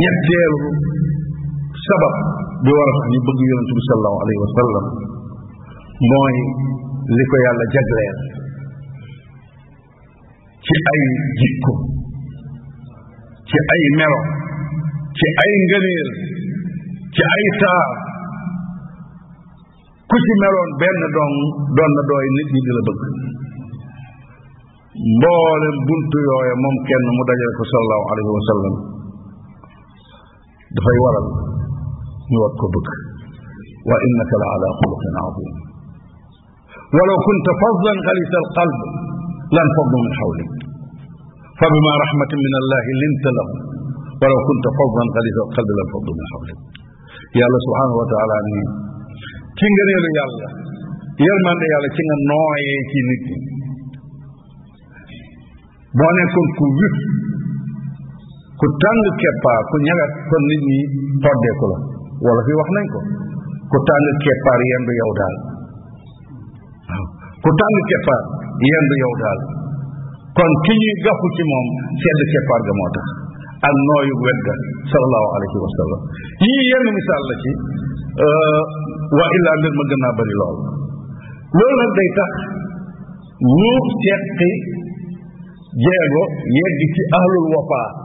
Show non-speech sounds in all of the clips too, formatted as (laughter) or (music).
ñetteelu sabab bi war a tax ñu bëgg yonent bi sallallahu alayhi wa mooy li ko yàlla jagleel ci ay jikko ci ay melo ci ay ngëneel ci ay taar ku ci meloon benn dong doon na dooy nit ñi di la bëgg mboolem buntu yooya moom kenn mu dajale ko sallallahu alayhi wa dafay waral ñu war ko bëgg wa innaka la ala xuluqin azim walaw kunta fadlan xalisa alqalb lan fadlu min xawlik fa bima rahmatin min allahi linta lahum walaw kunta fadlan xalisa alqalb lan fadlu min xawlik yàlla subhanahu wa taala ni ci ngëneelu yàlla yërmande yàlla ci nga nooyee ci nit ñi boo nekkoon ku wif ku tàng keppaa ku ñagat kon nit ñi toddeeku la wala fi wax nañ ko ku tàng keppaar yendu yow daal waaw ku tàng keppaar yendu yow daal kon ki gafu ci moom sedd keppaar ga moo tax nooyu wet ga sallallahu alayhi wa sallam misaal la ci euh, waa illaa mbir ma gën naa bari lool nag day tax ñu seqi jeego yegg ci ahlul wafaa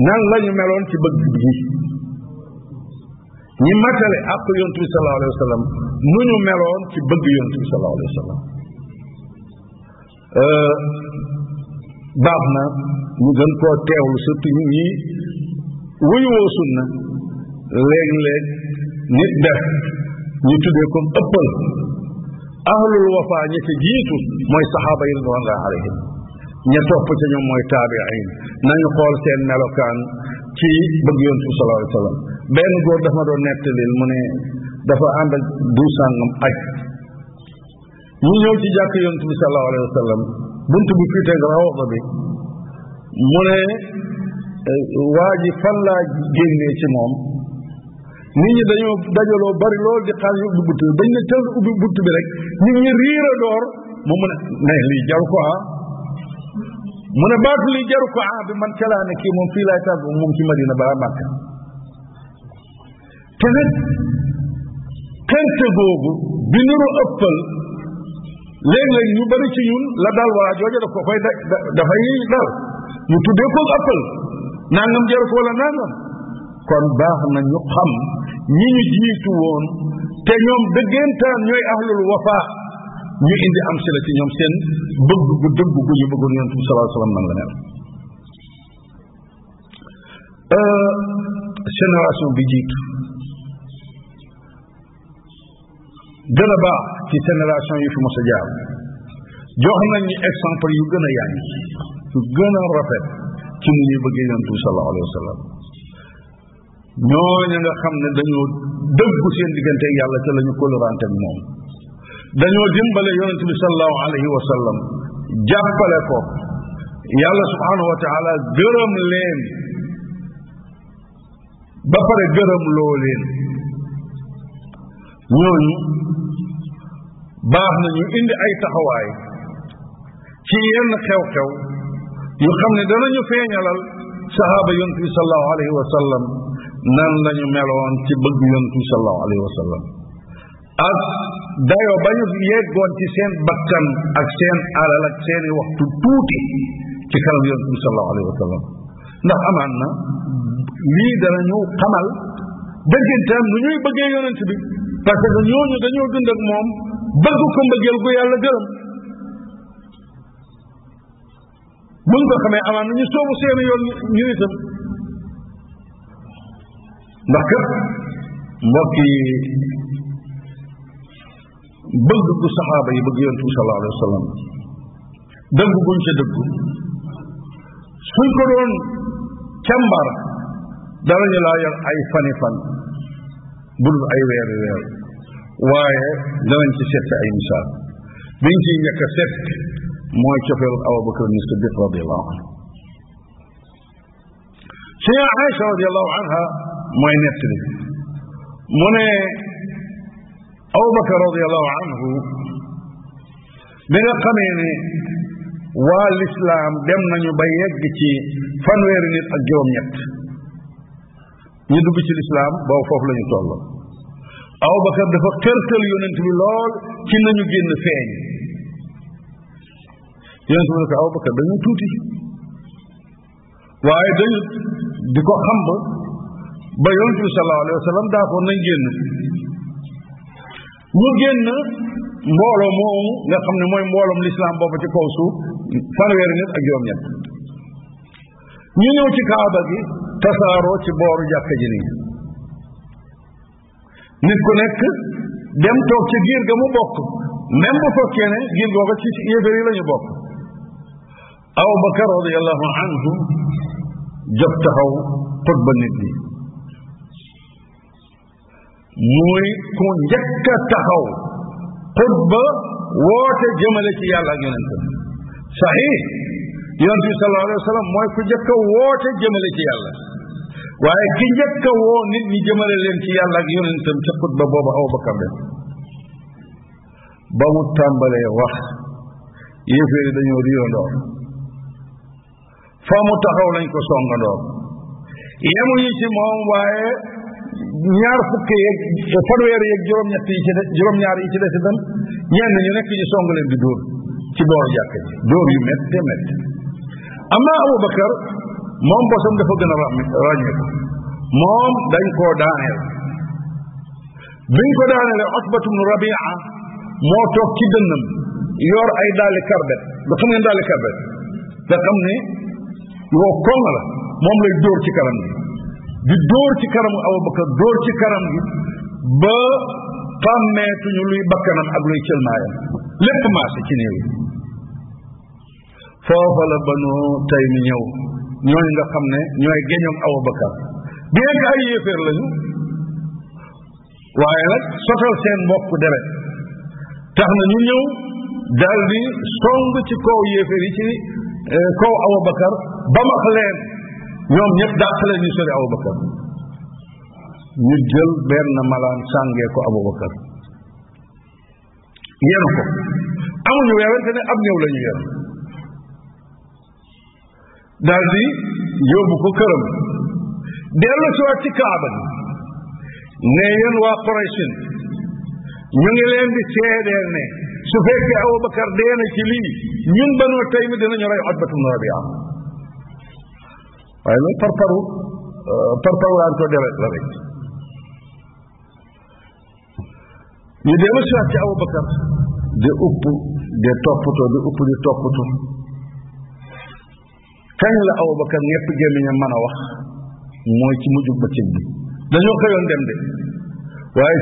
nan lañu meloon ci bëgg gi ñi matale àq yontu bi sallallahu alayhi wa nu ñu meloon ci bëgg yontu bi sallallahu alayhi wa sallam euh, baax na ñu gën koo teewlu surtout ñi ñi wuyu woo sunna léeg-léeg def ñu tuddee comme ëppal ahlul wafa ñi ci jiitu mooy saxaaba yi ridwanullah alayhim ña topp ca ñoom mooy taabiin nañu xool seen melokaan ci bëgg yontu bi sallallahu alayhi wa benn góor dafa ma doon nettalil mu ne dafa ànd ak du sàngam aj ñu ñëw ci jàkk yontu bi sallallahu alayhi wa bunt bu fiitee nga rawda bi mu ne eh, waa ji fan laa génnee ci moom nit ñi dañoo dajaloo bari lool di xaar yu ubbi bi bañ ne tëll ubbi bunt bi rek nit ñi riir door mu mën a ne lii jal ko ah. mu ne baatu li jaru ko bi man calaa ne kii moom fii laay tàbb moom ci Madina balaa màkk te nag xërte googu bi niru ëppal léeg-léeg ñu bari ci ñun la dal waa jooja daf ko fay da dafay dal ñu tuddee ko ëppal nangam jaru wala nangam kon baax na ñu xam ñi ñu jiitu woon te ñoom dëggantaan ñooy ahlul wafaa ñu indi am si ci ñoom seen bëgg gu dëgg gu ñu bëggoon yonent bi sallallahu alayhi wasallam nan la mel euh, bi jiitu gën a baax ci génération yi fi mos a jaar jox nañ ñu exemple yu gën a yàgg yu gën a rafet ci ni bëgg bëggee yonent bi sallallahu alayhi wasallam ñooñu nga xam ne dañoo dëggu seen diggante yàlla te la ñu kóllëranteeg moom dañoo dimbale yonente bi sallallahu alayhi wa sallam jàppale ko yàlla subhaanahu wa taala gërëm leen ba pare gërëm loo leen ñooñu baax na ñu indi ay taxawaay ci yenn xew-xew yu xam ne danañu feeñalal sahaaba yonente bi sallallahu alayhi wa sallam nan lañu meloon ci bëgg yonente bi sallallahu alayhi wa sallam ak dayoo ba ñu yeggoon ci seen bakkan ak seen alal ak seeni waxtu tuuti ci kanam yonent bi sallallahu alayhi ndax amaan na lii danañu xamal dëggantaan nu ñuy bëggee yonent bi parce que ñooñu dañoo dund ak moom bëgg ko mbëggeel gu yàlla gërëm buñ ko xamee amaan na ñu soobu seeni yoon ñu itam ndax kat bëgg gu saxaaba yi bëgg yonent bi sallallahu alayhi wa sallam dëgg guñ ca dëggu suñ ko doon càmbar danañu laa yor ay fani fan budul ay weeri weer waaye danañ ci seet ay misaal biñ ciy njëkk a seet mooy cofeelu Abubakar ni Siddiq radiallahu anhu Sayyidatuna Aïcha radiallahu anha mooy nett bi mu ne Abubakar radiallahu anhu bi nga xamee ne waa lislaam dem nañu ba yegg ci fanweeri nit ak juróom-ñett ñu dugg ci lislaam boobu foofu la ñu toll Abubakar dafa xërtal yonent bi lool ci nañu génn feeñ yonent bi ne ko Abubakar dañu tuuti waaye dañu di ko xamb ba yonent bi sallallahu alayhi wa sallam daa ko nañ génn ñu génn mbooloo moomu nga xam ne mooy mbooloom lislaam boobu ci kaw suuf fanweeri nit ak juróom-ñett ñu ñëw ci kaaba gi tasaaroo ci booru jàkka ji nii ku nekk dem toog ci giir ga mu bokk même bu fekkee ne giir googa ci yéefar yi la ñu bokk Abu Bakar radiyallahu anhu jóg taxaw xutba nit ñi mooy ku njëkk a taxaw xutba woote jëmale ci yàlla ak yonentam saxiix yonent bi sallallahu alayhi wa sallam mooy ku njëkk a woote jëmale ci yàlla waaye ki njëkk a woo nit ñi jëmale leen ci yàlla ak yonentam ca xutba boobu Abubakar def ba mu tàmbalee wax yéeféeri dañoo riirandoo fa mu taxaw lañ ko songandoor yemuñu ci moom waaye ñaar fukk yeeg fanweer yeeg juróom-ñett yi ci des juróom-ñaar yi ci des itam ñenn ñu nekk ñu song leen di dóor ci boor jàkk ji dóor yu métte métte ama Aboubacar moom bosam dafa gën a ràññeeku moom dañ koo daaneel biñ ko daaneele Utbatu bnu Rabia moo toog ci dënnam yor ay daali karbet da xam ngeen daali karbet nga xam ne woo koŋ la moom lay dóor ci karam bi di dóor ci kanamu Abubakar dóor ci kanam gi ba xàmmeetuñu luy bakkanam ak luy cëlmaayam lépp maase ci néew foofa la banu tay mi ñëw ñooy nga xam ne ñooy géñoom Abubakar bien que ay yéeféer lañu waaye nag sotal seen mbokk deret tax na ñu ñëw daldi song ci kaw yéeféer yi ci eh, kaw Abubakar ba max leen ñoom ñëpp dàq leen ñu sori Abubakar ñu jël benn malaan sàngee ko Abubakar yenu ko amuñu weerante ne ab ñëw lañu ñu yenu daal di yóbbu ko këram dellu si waat ci kaaba ne yéen waa Qurayshin ñu ngi di seedeel ne su fekkee Abubakar dee na ci lii ñun banoo tey mi dinañu rey Utbatu bnu Rabi'a waaye nag par paru par deret la rek ñu dellu si waat ci Abu Bakar di upp di toppatoo di upp di toppatoo kañ la Abu Bakar ñépp gémmiñam mën a wax mooy ci mujjug bëccëg bi dañoo xëyoon dem de waaye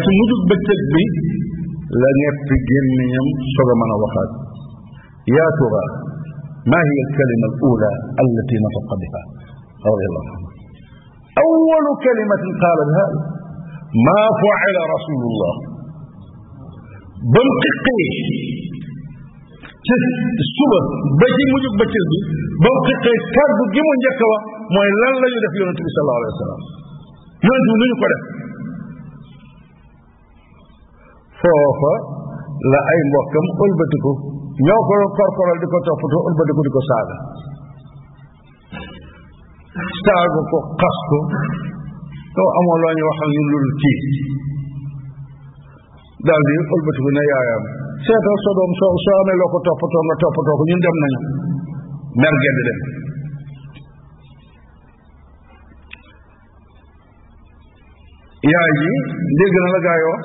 a mën a waxaat yaa turaa maa hiya al kalima al ula biha رضي الله عنه أول كلمة قال بها ما فعل رسول الله بنققيه ci suba ba ci mujjug ba cës bi ba mu xëqee kàddu gi mu njëkk wax mooy lan la ñu def yonente bi sallallahu alayhi wa sallam yonente bi nu ñu ko def foofa la ay mbokkam ëlbatiku ñoo ko korkoral di ko toppatoo ëlbatiku di ko saaga saaga ko xas ko yow amoo loo ñu waxal ñu lul kii daal di ëlbatiku ne yaayam seetal sa doom soo soo amee loo ko toppatoo nga toppatoo ko ñun dem nañu mer gedd yaay ji dégg na la gaayoo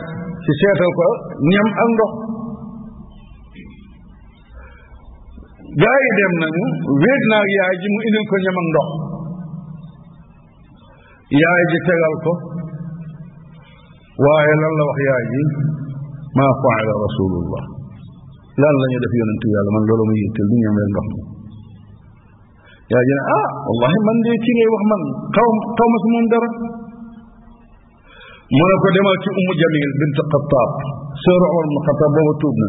ci seetal ko ñam ak ndox gaa yi dem nañu wéet naa ak yaay ji mu indil ko ñam ak ndox yaay ji tegal ko waaye lan la wax yaay ji maa faala rasulullah lan la ñu def yonentu yàlla man loolu ma yittil du ñoom leen wax yaay ji ne ah wallahi man de ci ngay wax man xaw xaw ma si moom dara mu ne ko demal ci umu jamil bint xataab sœur Umar ibn Xataab booba tuub na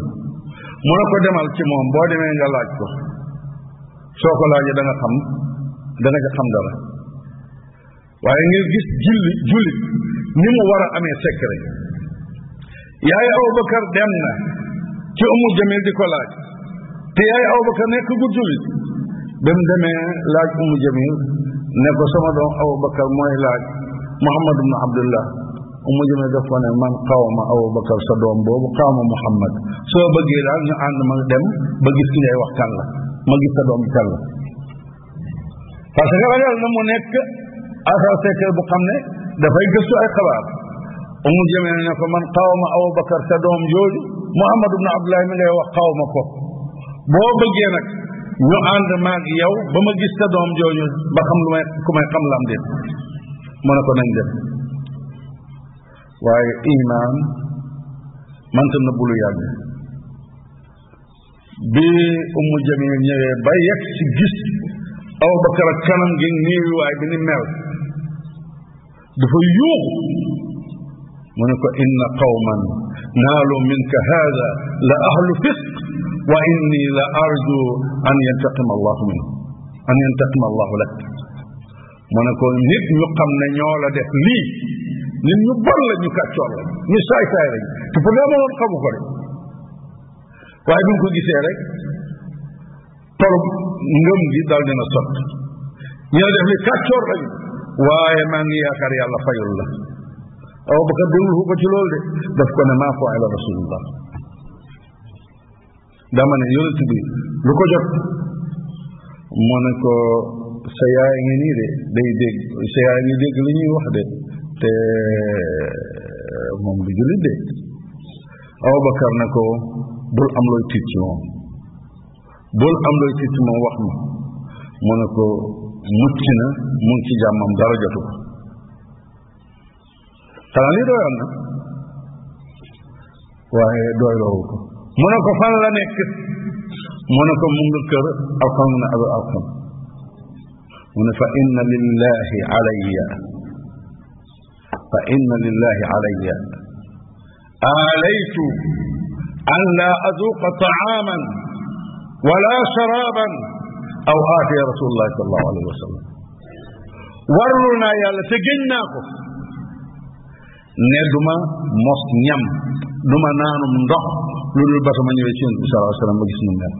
mu ne ko demal ci moom boo demee nga laaj ko soo ko laajee da nga xam xam dara waaye ngir gis julli jullit ni mu war a amee secret yaay Abubakar dem na ci Ummu Jamil di ko laaj te yaay Abubakar nekk gu jullit ba mu demee laaj Ummu Jamil ne ko sama doom Abubakar mooy laaj Muhammad ibn Abdullah Ummu Jamil daf ko ne man xawma Abubakar sa doom boobu xawma Muhammad soo bëggee daal ñu ànd ma dem ba gis ki ngay wax kan la ma gis sa doom kan la parce que ragal na mu nekk Aisha Sekk bu xam ne dafay gëstu ay xabaar umu Jamil ne ko man xawma Abu Bakar sa doom jooju Muhammad ibn Abdullah mi ngay wax xawma ko boo bëggee nag ñu ànd maag yow ba ma gis sa doom jooju ba xam lu may ku may xam lam déet mu ne ko nañ def waaye iman manta na bulu yàgg bi umu Jamil ñëwee ba yegg ci gis Abu Bakar ak kanam gi niiwi waay bi ni mel dafa yuuxu mu ne ko inna qawman naalu minka hada la ahlu fisq wa inni la arju an yantaqima allahu min an yantaqima allahu lak mu ne ko nit ñu xam ne ñoo la def lii nit ñu bon la ñu kàccoor la ñu saay-saay lañ te pour daa mënoon xamu ko de waaye bi mu ko gisee rek torop ngëm gi daal dina sot ñoo def li kàccoor lañu waaye maa ngi yaakaar yàlla fayul la Abubakar déglu ko ci loolu de daf ko ne maa ko ala rasulullah dama ne yonent bi lu ko jot mu ne ko sa yaay ngi nii de day ngi dégg li ñuy wax de te moom du jullit de Abubakar ne ko bul am looy tiit ci moom am looy tiit ci wax ma mu ne ko mucc na mu ngi ci jàmmam dara jotu ko xanaa lii doyoon na waaye doyloowu ko mu ne ko fan la nekk mu ne ko mu nga kër alxam na ab alxam mu ne fa inna lillahi alayya fa inna lillahi alayya aalaytu an laa azuqa taaman wala sharaban aw aatiya rasulullah sallallahu alayhi wa sallam warlu yàlla te géñ naa ko ne duma mos ñam duma naanum ndox lu dul ba sama ñëwee ci yonent bi sallallahu alayhi wa sallam ma gis nu mel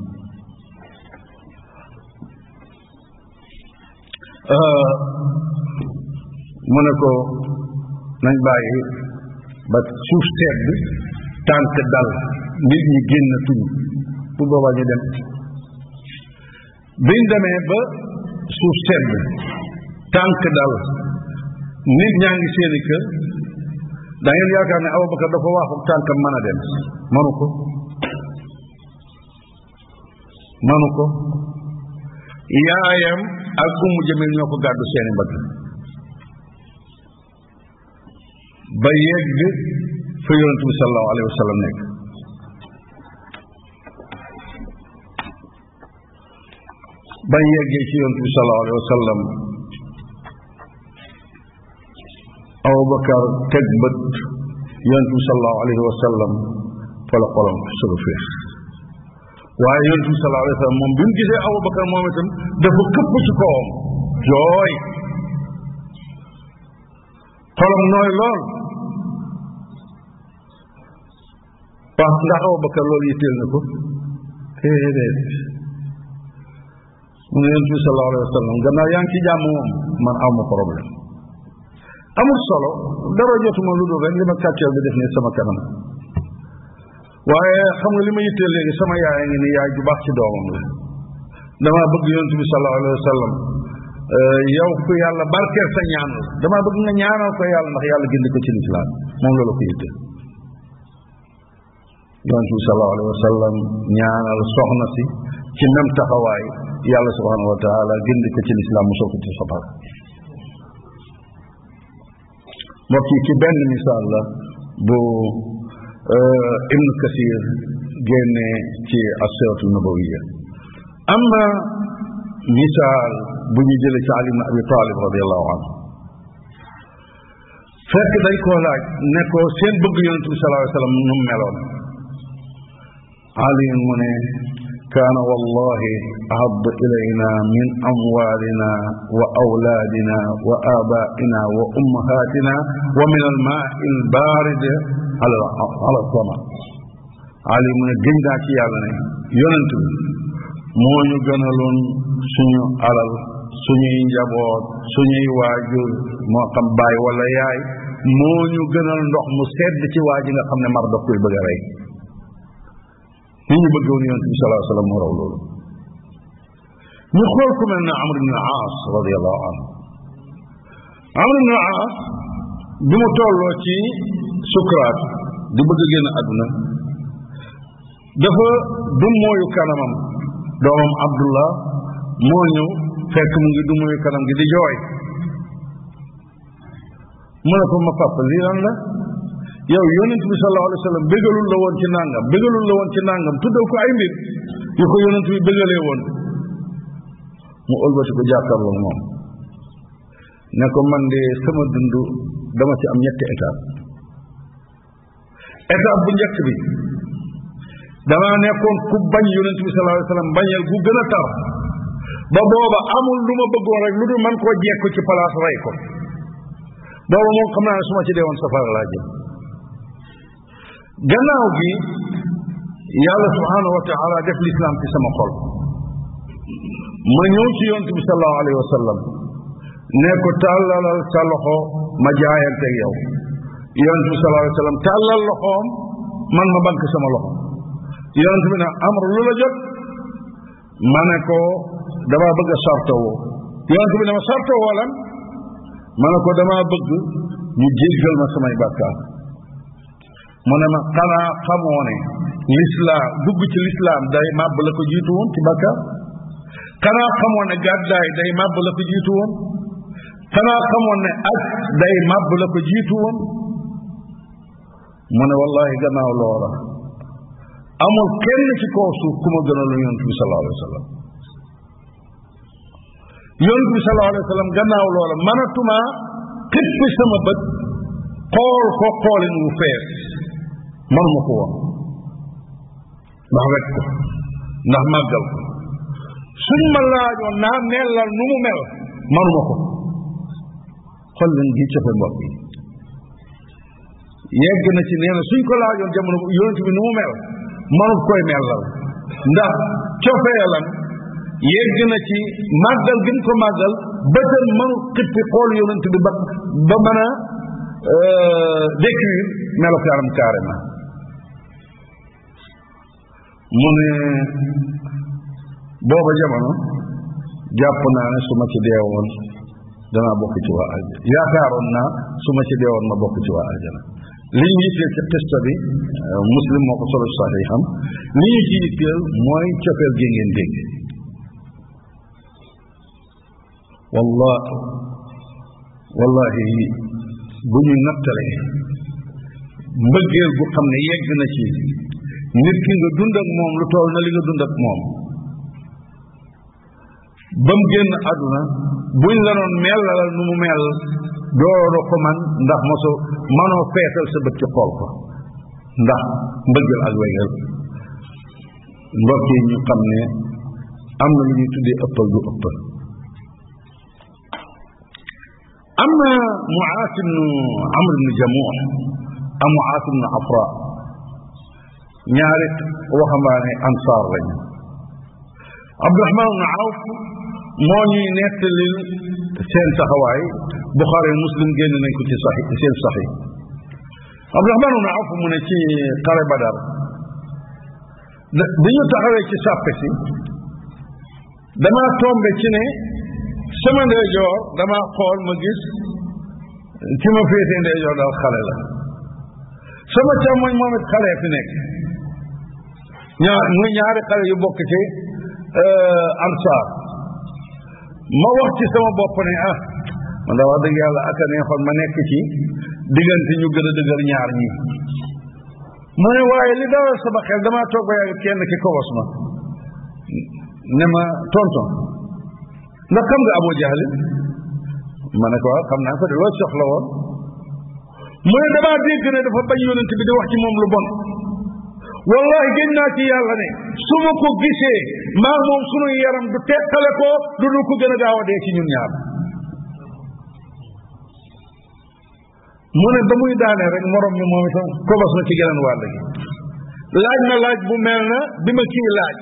mu ne ko nañ bàyyi ba suuf sedd tànk dal nit ñi génn tuñ bu boobaa ñu dem biñ demee ba suuf sedd dal nit ñaa ngi seeni kër da ngeen yaakaar ne Abubakar dafa waaxu tànkam mën a dem manu ko manu ko yaayam ak umu jamil ñoo ko gàddu seeni mbagg ba yegg fa yonent bi sallallahu alayhi wa sallam nekk bañ yeggee ci yonent bi sallallahu alayhi Abubakar teg bët yonent bi sallallahu alayhi wa sallam fa la xolam suba fees waaye yonent bi sallallahu alayhi wa sallam moom bi mu Abubakar moom itam dafa ci kawam jooy xolam nooy lool parce Abubakar loolu yitteel na ko déedéet mu ne yonent bi sallallahu alayhi wa sallam gannaaw yaa ngi ci jàmm moom man aw ma problème amul solo dara jotuma lu dul rek li ma kàcceel bi def ni sama kanam waaye xam nga li ma yittee léegi sama yaay ngi ni yaay ju baax ci doomam la damaa bëgg yonent bi sallallahu alayhi wa sallam eh, yow ku yàlla barkeel sa ñaan la damaa bëgg nga ñaanal ko yàlla ndax yàlla gindi ko ci lislaam moom loolu ko yitte yonent bi sallallahu alayhi wa sallam ñaanal soxna si ci même taxawaay yàlla subhanahu wa taala génne ko ci lislaam mosoo ko ci safar mbokk yi ci benn misaal la bu eh, ibnu kasir génne ci as-siratu nabawiyya am na misaal bu ñu jëlee ci ali ibn abi talib radiallahu anhu fekk dañ koo laaj ne ko seen bëgg yonente bi sallallahu alayhi wa sallam nu meloon ali mu ne kaana wallahi ahab ilayna min amwalina wa awlaadina wa abaina wa ummahatina wa min almaa il baaride ala sama ali mu ne gëñ naa ci yàlla ne yonent bi moo ñu gënaloon suñu alal suñuy njaboot suñuy waajur moo xam baay wala yaay moo ñu gënal ndox mu sedd ci waa ji nga xam ne mar daf koy bëgg a rey nii ñu bëggoon yonent bi salaa sallam moo raw loolu ñu xool ku mel ne Amr ibn al-Aas radiallahu anhu Amr ibn al-Aas bi mu tolloo ci sukuraat di bëgg génn àdduna dafa mooyu kanamam doomam Abdullah moo ñëw fekk mu ngi mooyu kanam gi di jooy mu ne ko ma papa lii lan yow yonent bi sallallahu alayhi wa sallam bégalul la woon ci woon ci nàngam tuddal ko ay mbir yu ko yonent moom ne ko man de sama dund ci am ñetti étape étape bu njëkk bi damaa nekkoon ku bañ yonent bi sallallahu gën a tar ba booba amul lu ma bëggoon rek lu dul man koo ci place rey ko booba moom xam naa ne su ci dee woon safara laa gannaaw gi yàlla subhaanahu wa taala def lislaam ci sama xol ma ñëw ci yonent bi sallallahu alayhi wa sallam ko tàllalal sa loxo ma jaayanteeg yow yonent bi sallallahu alayhi wa sallam tàllal loxoom man ma bank sama loxo yonent bi ne lu la jot ma ne ko dama bëgg a sartawoo yonent bi ne ma sartawoo lan ma ne ko dama bëgg ñu jéggal ma samay bàkkaar mu ne ma xanaa xamoo ne lislaam ci lislaam day màbb la ko jiitu woon ci bàkkaar xanaa xamoon ne gàddaay day màbb la ko jiitu woon xanaa xamoon day màbb la ko jiitu woon wallahi gannaaw loola amul kenn ci ku ma gënal yonent bi sallallahu alayhi wa sallam yonent bi sallallahu alayhi wa bët xool ko xoolin wu fees mënu ko woon ndax wet ko ndax màggal laajoon naa melal nu mu mel mënuma ko xal leen gi cofe mbokk yi yegg na ci nee na suñ ko laajoon jamono yonent bi nu mu mel mënut koy melal ndax cofeelam yegg na ci màggal gi ko màggal bëtal mënut xippi xool yonent bi ba ba mën a euh, décrire melokaanam carrément mu ne booba jamono jàpp naa su ma ci deewoon na bokk ci waa aljana yaakaaroon naa su ma ci deewoon ma bokk ci waa aljana li ñu yitteel ci xista bi euh, muslim moo ko solo saxi xam li ñu ci yitteel mooy cofeel gi ngeen dégg wallah wallahi bu ñu nattalee mbëggeel gu xam ne yegg na ci nit ki nga dund ak moom lu toll na li nga dund ak moom ba mu génn àdduna buñ la doon melalal nu mu mel dooro ko man ndax moso manoo feetal sa bët ci xool ko ndax mbëggal ak wéyal mbokk yi ñu xam ne am na lu ñuy tuddee ëppal du ëppal am na muaas ibnu amr ibnu jamuux am muaas ibnu afra ñaari waxambaane ansaar lañu Abdurahman ibn Awf moo ñuy nettalil seen saxawaay Buxaari Muslim génn nañ ko ci saxi seen saxi Abdurahman ibn Awf mu ne ci xare Badar bi ñu taxawee ci sàppe si dama tombe ci ne sama ndeyjoor dama xool ma gis ci ma féete ndeyjoor daal xale la sama càmmoñ moom it xalee fi nekk ñaar muy ñaari xale yu bokk ci euh, ansaar ma wax ci sama bopp ne ah man daa wax dëgg yàlla ak ma nekk ci diggante ñu gën a dëgër ñaar ñi mu ne waaye li dalal sama xel damaa toog ba yàgg kenn ki kobos ma ne ma tonton ndax xam nga Abu Jahl ma ne ko waaw ah, xam naa ko de loo soxla woon mu ne damaa dégg ne dafa bañ yonent bi di wax ci moom lu bon wallahi génn ci yàlla ne su ma ko gisee maa moom sunuy yaram du teqale ko du dul ko gën a gaaw dee ci ñun ñaar mu ba muy daanee rek morom mi moom itam kobos na ci geneen wàll gi laaj na laaj bu mel bi ma kii laaj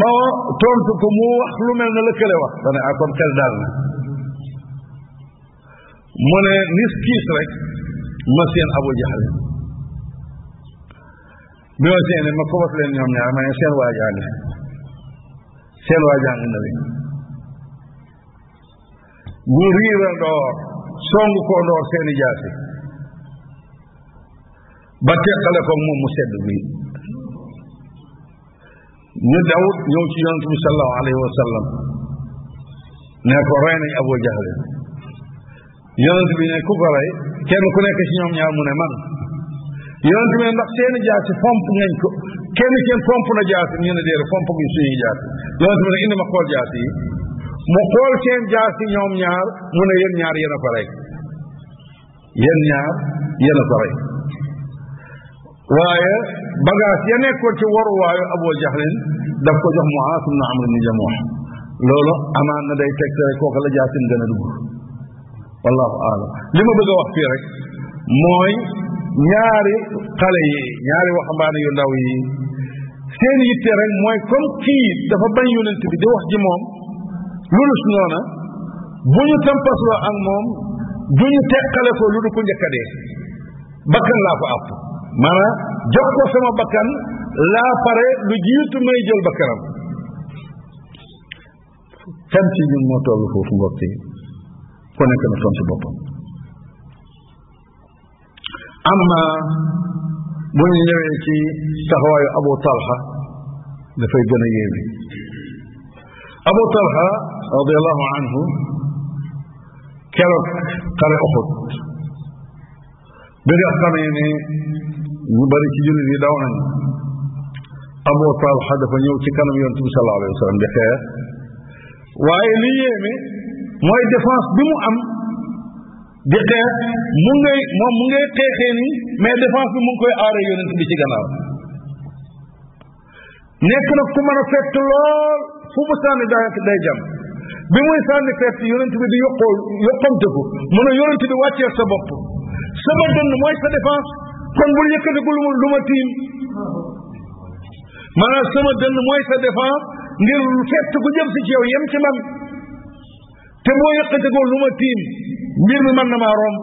ma tontu ko mu wax lu mel na lëkkale wax dane ah kon xel daal na nis kiis rek ma seen abu jaxal bi ma seen ma kobos leen ñoom ñaar ma seen waa seen waa jàng na wi ñu riira ndoor songu koo ndoor seeni jaasi ba teqale ko moom mu sedd bi ñu dawut ñëw ci yonent bi sallallahu alayhi wa sallam ne ko rey Abu Jahl yonent bi ne ku ko rey kenn ku nekk ci ñoom ñaar mu ne man yonent bi ndax seeni jaasi fomp ngeen ko kenn kenn fomp na jaasi ñu ne déedéet fomp guñ suñuy jaasi yonent bi ne ma xool jaasi yi mu xool seen jaasi ñoom ñaar mu ne yéen ñaar yéen a pare yéen ñaar yéen a pare waaye bagage ya nekkoon ci waruwaayu Abu Jahlin daf ko jox Muaas ibn Amr ibn Jamuh loolu amaan na day tegtale kooku la jaasin gën a dugg wallahu aalam li ma bëgg wax fii rek mooy ñaari xale yi ñaari waxambaane yu ndaw yi seen yitte rek mooy comme kii dafa bañ yonent bi di wax ji moom lulus noona bu ñu tampasloo ak moom buñu ñu teqale ko lu du ko njëkk dee bakkan laa ko àpp maanaam jox sama bakkan laa pare lu jiitu may jël bakkanam kan ci ñun moo toll foofu mbokk yi ku nekk na tontu boppam amma bu ñu ñëwee ci taxawaayu abu talha dafay gën a yéeme abu talha radiallahu anhu keroog xare uxut bi nga xamee ne ñu bari ci jullit yi daw nañ abu talha dafa ñëw ci kanam yonent bi sallallahu alayhi wa sallam di xeex waaye li yéeme mooy défense bi mu am di xeex mu ngay moom mu ngay xeexee mais défense bi mu ngi koy aare yonent ci gannaaw nekk na ku mën a fett lool fu mu sànni day day jam bi muy sànni fett yonent bi di yokkoo yokkamte ko mu ne sa bopp sama mooy sa défense kon bul yëkkati ko lu tiim maanaam sama dënn mooy sa défense ngir fett ku jëm si ci yow yem ci man te boo yëkkati ko lu ma tiim mbir mi mën na maa romb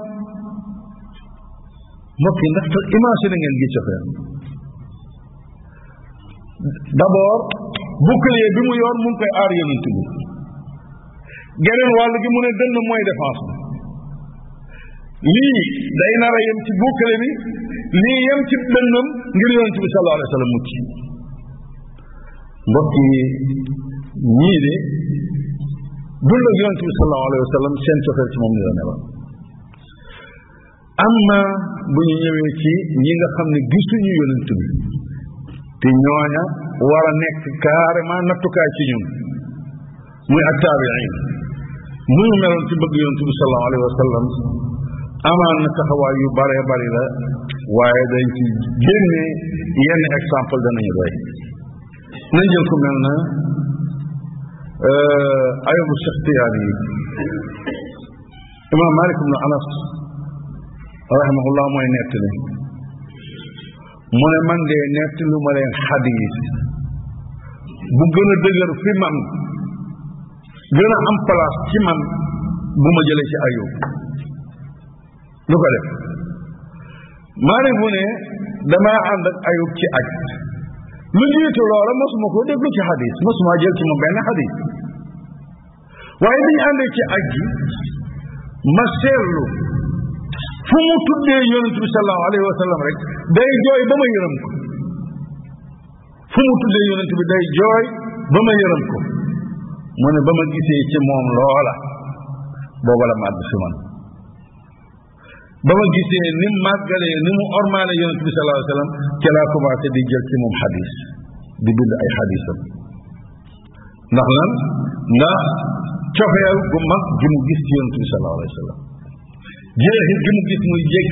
mbokk yi ndax imagine ngeen gi chauffeur d'abord bouclier bi mu yor mu ngi koy aar yonent bi geneen wàll gi mu ne dënn mooy défense bi lii day nar yem ci bouclier bi lii yem ci dënnam ngir yonent bi sallallahu alayhi wa sallam mucc de dund ak yonente bi sallallahu alayhi wa sallam seen cofeel ci moom ni la newoon am na bu ñu ñëwee ci ñi nga xam ne gisuñu yonent bi te ñooña war a nekk carrément nattukaay ci ñun muy ak taabiin muy meloon ci bëgg yonent bi sallallahu alayhi wa amaan na taxawaay yu bare bari la waaye dañ ci génne yenn exemple danañu doy nañ jël ku mel na ayabu Sixtiyaani yi imaam Malik ibnu Anas rahimahullah mooy nettali mu ne man de nettalu ma leen xadiis bu gën a dëgër fi man gën a am place ci man bu ma jëlee ayub lu ko def Malik mu ne damaa ànd ayub ci aj lu jiitu loola mosuma koo déglu ci xadiis mosuma jël ci moom benn xadiis waaye bi ñu ci aj gi ma seetlu fu mu tuddee yonent bi sallallahu alayhi wa rek day jooy ba ma yërëm fu mu tuddee yonent bi day jooy ba ma yërëm ko mu ne ba ma gisee ci moom loola booba la màgg fi man ba ma gisee ni mu màggalee ni mu ormaale yonent bi sallallahu alayhi wa sallam ci laa commencé di jël ci moom xadis di bind ay xadisam ndax lan cofeel gu mag gi mu gis ci yonent bi sallallahu alayhi wa sallam jeexit gi mu gis muy jég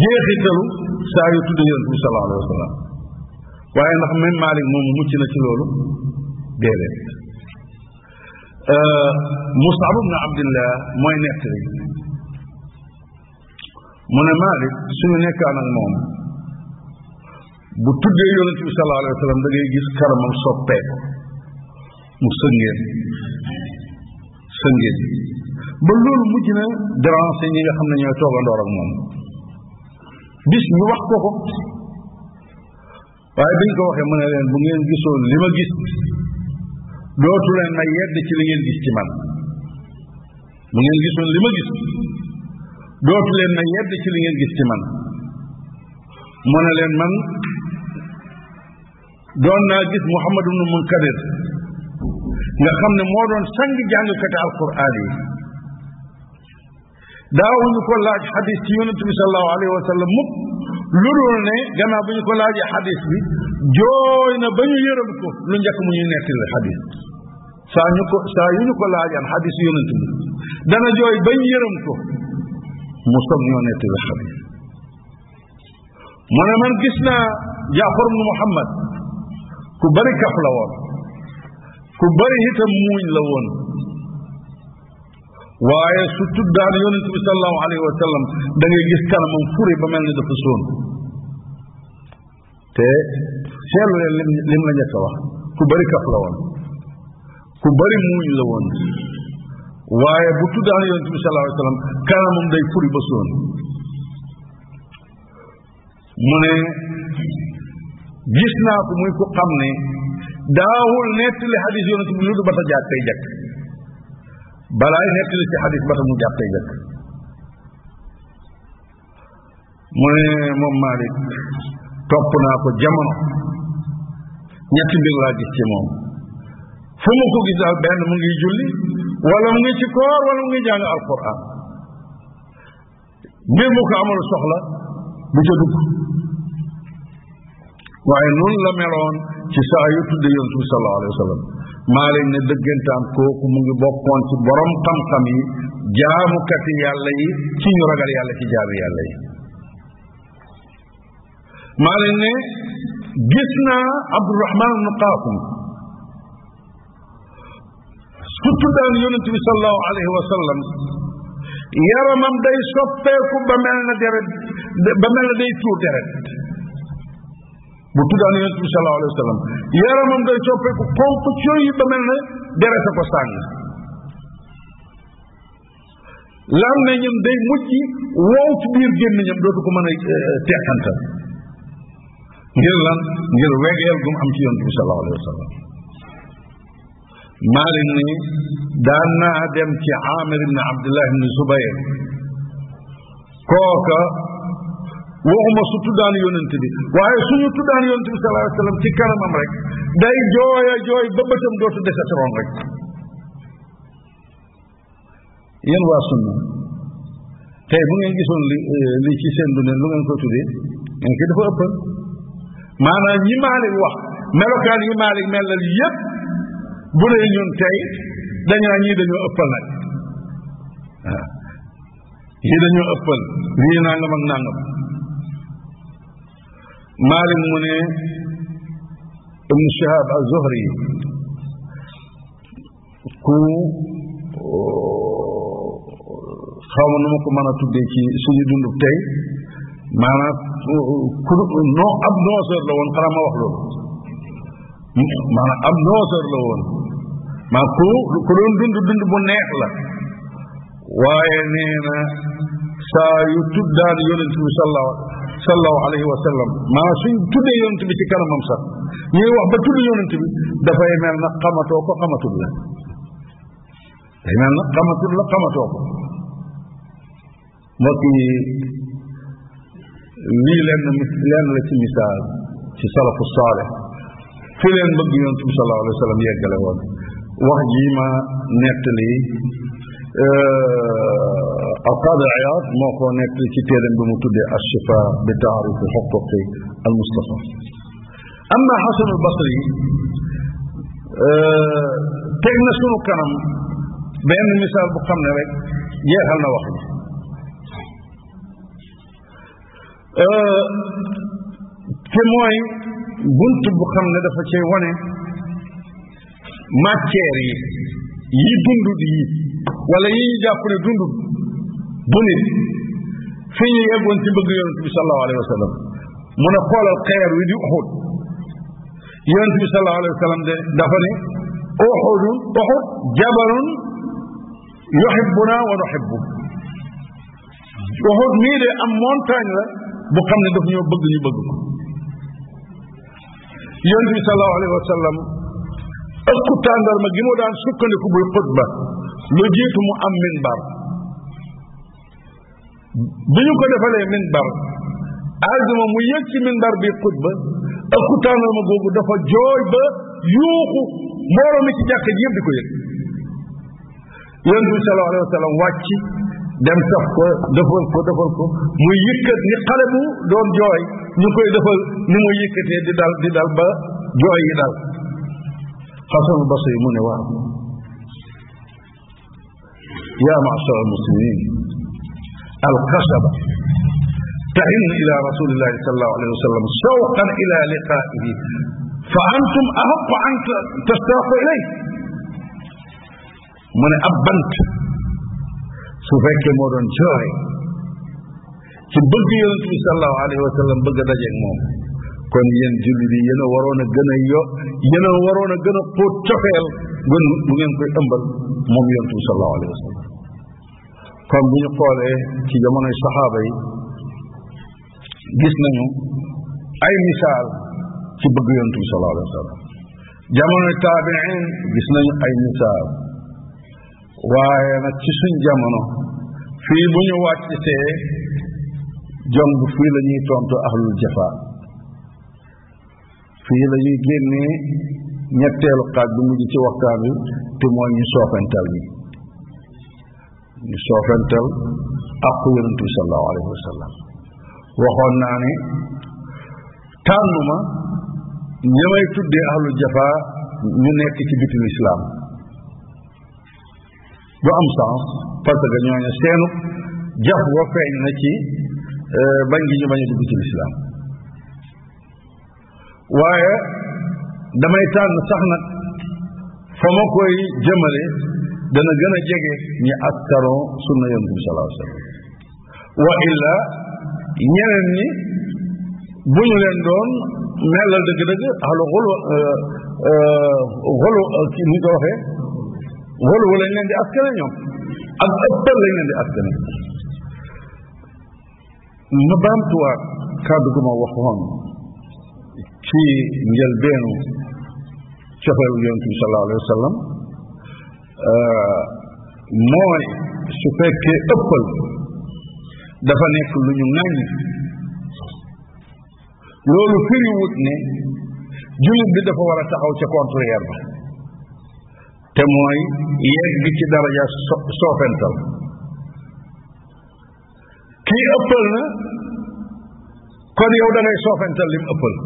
jeexitalu saa yu tudde yonent bi sallallahu alayhi wa sallam waaye ndax même Malik moom mucc na ci loolu déedéet euh, Musab ibn Abdillah mooy nettali mu ne Malik suñu nekkaan ak moom bu tuddee yonent bi sallallahu alayhi wa sallam da ngay gis karamam soppeeku mu sëngeen sëngéen ba loolu mujj na déranger ñi nga xam ne ñooy toogandoor ak moom bis ñu wax ko ko waaye biñ ko waxee mu ne leen bu ngeen gisoon li ma gis dootu leen na yedd ci li ngeen gis ci man ma gis leen na ci li ngeen gis ci mu ne leen man doon naa gis Muhammad ibnu Munkadir nga xam ne moo doon sang jàngkati alquran yi daawuñu ko laaj xadis ci yonent bi sallallahu alayhi wa sallam mukk lu dul ne gannaaw bu ñu ko laajee xadis bi jooy na ba ñu yërëm ko lu njëkk mu ñuy nettali la xadis saa ñu ko saa yu ñu ko laajaan xadis yonent bi dana jooy bañ yërëm ko mu soog ñoo nettali la xadis mu ne man gis naa Jaafar ibnu Muhammad ku bari kaf la ku bari itam muuñ la woon waaye su tuddaan yonent bi sallallahu alayhi wa sallam gis kanamam furi ba mel ni dafa soon te seetlu leen lim la njëkk a ku bari kaf la ku bari muuñ la waaye bu tuddaan yonent bi sallallahu alayhi wa kanamam day furi ba soon mu ne gis naa ko muy ku xam ne daawul nettali xadis yonent bi lu du bata jaat tey jakk balaay nettali ci xadis bata mu jaat tey jakk mu ne moom Malik topp naa ko jamono ñetti mbir laa gis ci moom fu mu ko gis daal benn mu ngi julli wala mu ngi ci koor wala mu ngi jàng alquran mbir mu ko amul soxla bu ca dugg waaye noonu la meloon ci saa yu tudde yonent bi sallallahu alayhi maa leen ne dëggantaan kooku mu ngi bokkoon ci borom xam-xam yi jaamukati yàlla yi ci ñu ragal yàlla ci jaamu yàlla maa leen ne gis naa Abdurahman ibnu Qaasim su tuddaan yonent bi sallallahu alayhi wa yaramam day soppeeku ba mel na deret ba mel na day tuur deret bu tuddaan yonent bi sallallahu alayhi wa sallam yaramam day soppeeku xonq cooy ba ko sàng lam ne ñam day wow ci biir gémmiñam dootu ko mën a eh, teqantal ngir lan gum am ci yonent bi sallallahu alayhi wa sallam Maalik ni daan naa dem ci Aamir ibn Abdullah ibn Zubayr kooka waxuma su tuddaan yonent bi waaye suñu tuddaan yonent bi sallallahu alayhi wasallam ci kanamam rek day jooya jooy ba bëtam dootu desati roon rek yéen waa sunna tey bu ngeen gisoon li eh, li ci seen dundeen lu ngeen ko tuddee ngeen ki dafa ëppal maanaam ñi Maalik wax melokaan yi Maalik melal yépp bu dee ñun tey dañu naan ñii dañoo ëppal nag waaw ñii dañoo ëppal lii nangam ak nangam Malik mu ne Ibn Shihab az-Zuhri ku uh, xaw ma nu ma ko mën a tuddee ci suñu dundu tey maanaam ku noo ab nooseur la woon xanaa ma wax loolu maanaam ab nooseur la woon maa ku ku doon dund dund bu neex la waaye nee na saa yu tuddaan yonent bi sallallahu sallallahu alayhi wa sallam maanaam suñ tuddee yonent bi ci kanamam sax ñuy wax ba tudd yonent bi dafay mel na xamatoo ko xamatul la day mel na xamatul la xamatoo ko mbokk yi lii lenn lenn la ci misaal ci salafu saale fi leen bëgg yonent bi sallallahu alayhi wa sallam yeggale woon wax jii ma nettali Euh, alqaadi Iyaad moo ko nekk ci téeram bi mu tuddee ashifa bi taarif alxuquqi almustafa amma xasan albasri euh, teg na sunu kanam benn misaal bu xam ne rek jeexal na wax ji euh, te mooy bunt bu xam ne dafa cay wane matière yi yi dund yi wala yi ñu jàpp ne dund bu nit fi ñu yeggoon ci bëgg yonent bi sallallahu alayhi wa sallam mu ne xoolal xeer wi di uxud yonent bi sallallahu alayhi wa sallam de dafa ne uxudu uxud jabalun yuhibbuna wa nuhibbu uxud nii de am montagne la bu xam ne daf ñoo bëgg ñu bëgg ko yonent bi sallallahu alayhi wa sallam ëkku tàndarma gi mu daan sukkandiku buy xutba lu jiitu mu am minbar bu ñu ko defalee minbar azuma mu yëg ci minbar bi xutba ak ku tànnal ma googu dafa jooy ba yuuxu mbooloo mi ci jàkk ji yëpp di ko yëg yonent bi sallallahu alayhi wa sallam wàcc dem sax ko defal ko defal ko muy yëkkat ni xale bu doon jooy koy defal ni muy yëkkatee di dal di dal ba jooy yi dal xasanul basri mu ne waaw يا معشر المسلمين القشبة تهن إلى رسول الله صلى الله عليه وسلم شوقا إلى لقائه فأنتم أحق أن تشتاقوا إليه من أبنت سوفيك مورن جوي ci bëgg yonent bi sallallahu alayhi wa sallam bëgg a dajeeg moom kon yéen julli bi yéen a waroon a gën a yo yéen a waroon a gën a xóot cofeel gën bu ngeen koy ëmbal moom yontu bi sallallahu alayhi wa sallam kon bu ñu xoolee ci jamonoy saxaaba yi gis nañu ay misaal ci bëgg yontu bi sallallahu alayhi wa sallam jamonoy taabiin gis nañu ay misaal waaye nag ci suñ jamono fii bu ñu wàccitee jong fii la ñuy tontu ahlul jafa fii la ñuy génnee ñetteelu xaaj mu mujj ci waxtaan wi te mooy ñu soofental ñi ñu soofental aqu yonent bi sallallahu alayhi wa waxoon naa ne tànnuma ña may tuddee ahlu jafa ñu nekk ci bitim islaam du am sens parce que ñooñu seenu jaf wa feeñ na ci euh, bañ gi ñu bañ a dugg ci waaye damay tànn sax nag fa jëmale dana gën a jege ñi askaroo sunna yonent bi sallallahu wa illa ñeneen ñi bu ñu leen doon melal dëgg-dëgg xalu xulu ni eh, eh, ko waxee xulu lañ di askane ñoom ak ëppal lañ leen di askane ma baamtuwaat kàddu gu ma waxoon ci njëlbeenu cofeelu yonent bi sallallahu alayhi wa euh, mooy su fekkee ëppal dafa nekk lu ñu ŋàññ loolu firiwut ne jullit bi dafa war a taxaw ci contraire ba te mooy yegg ci daraja soofental kii ëppal na kon yow da ngay soofental lim ëppal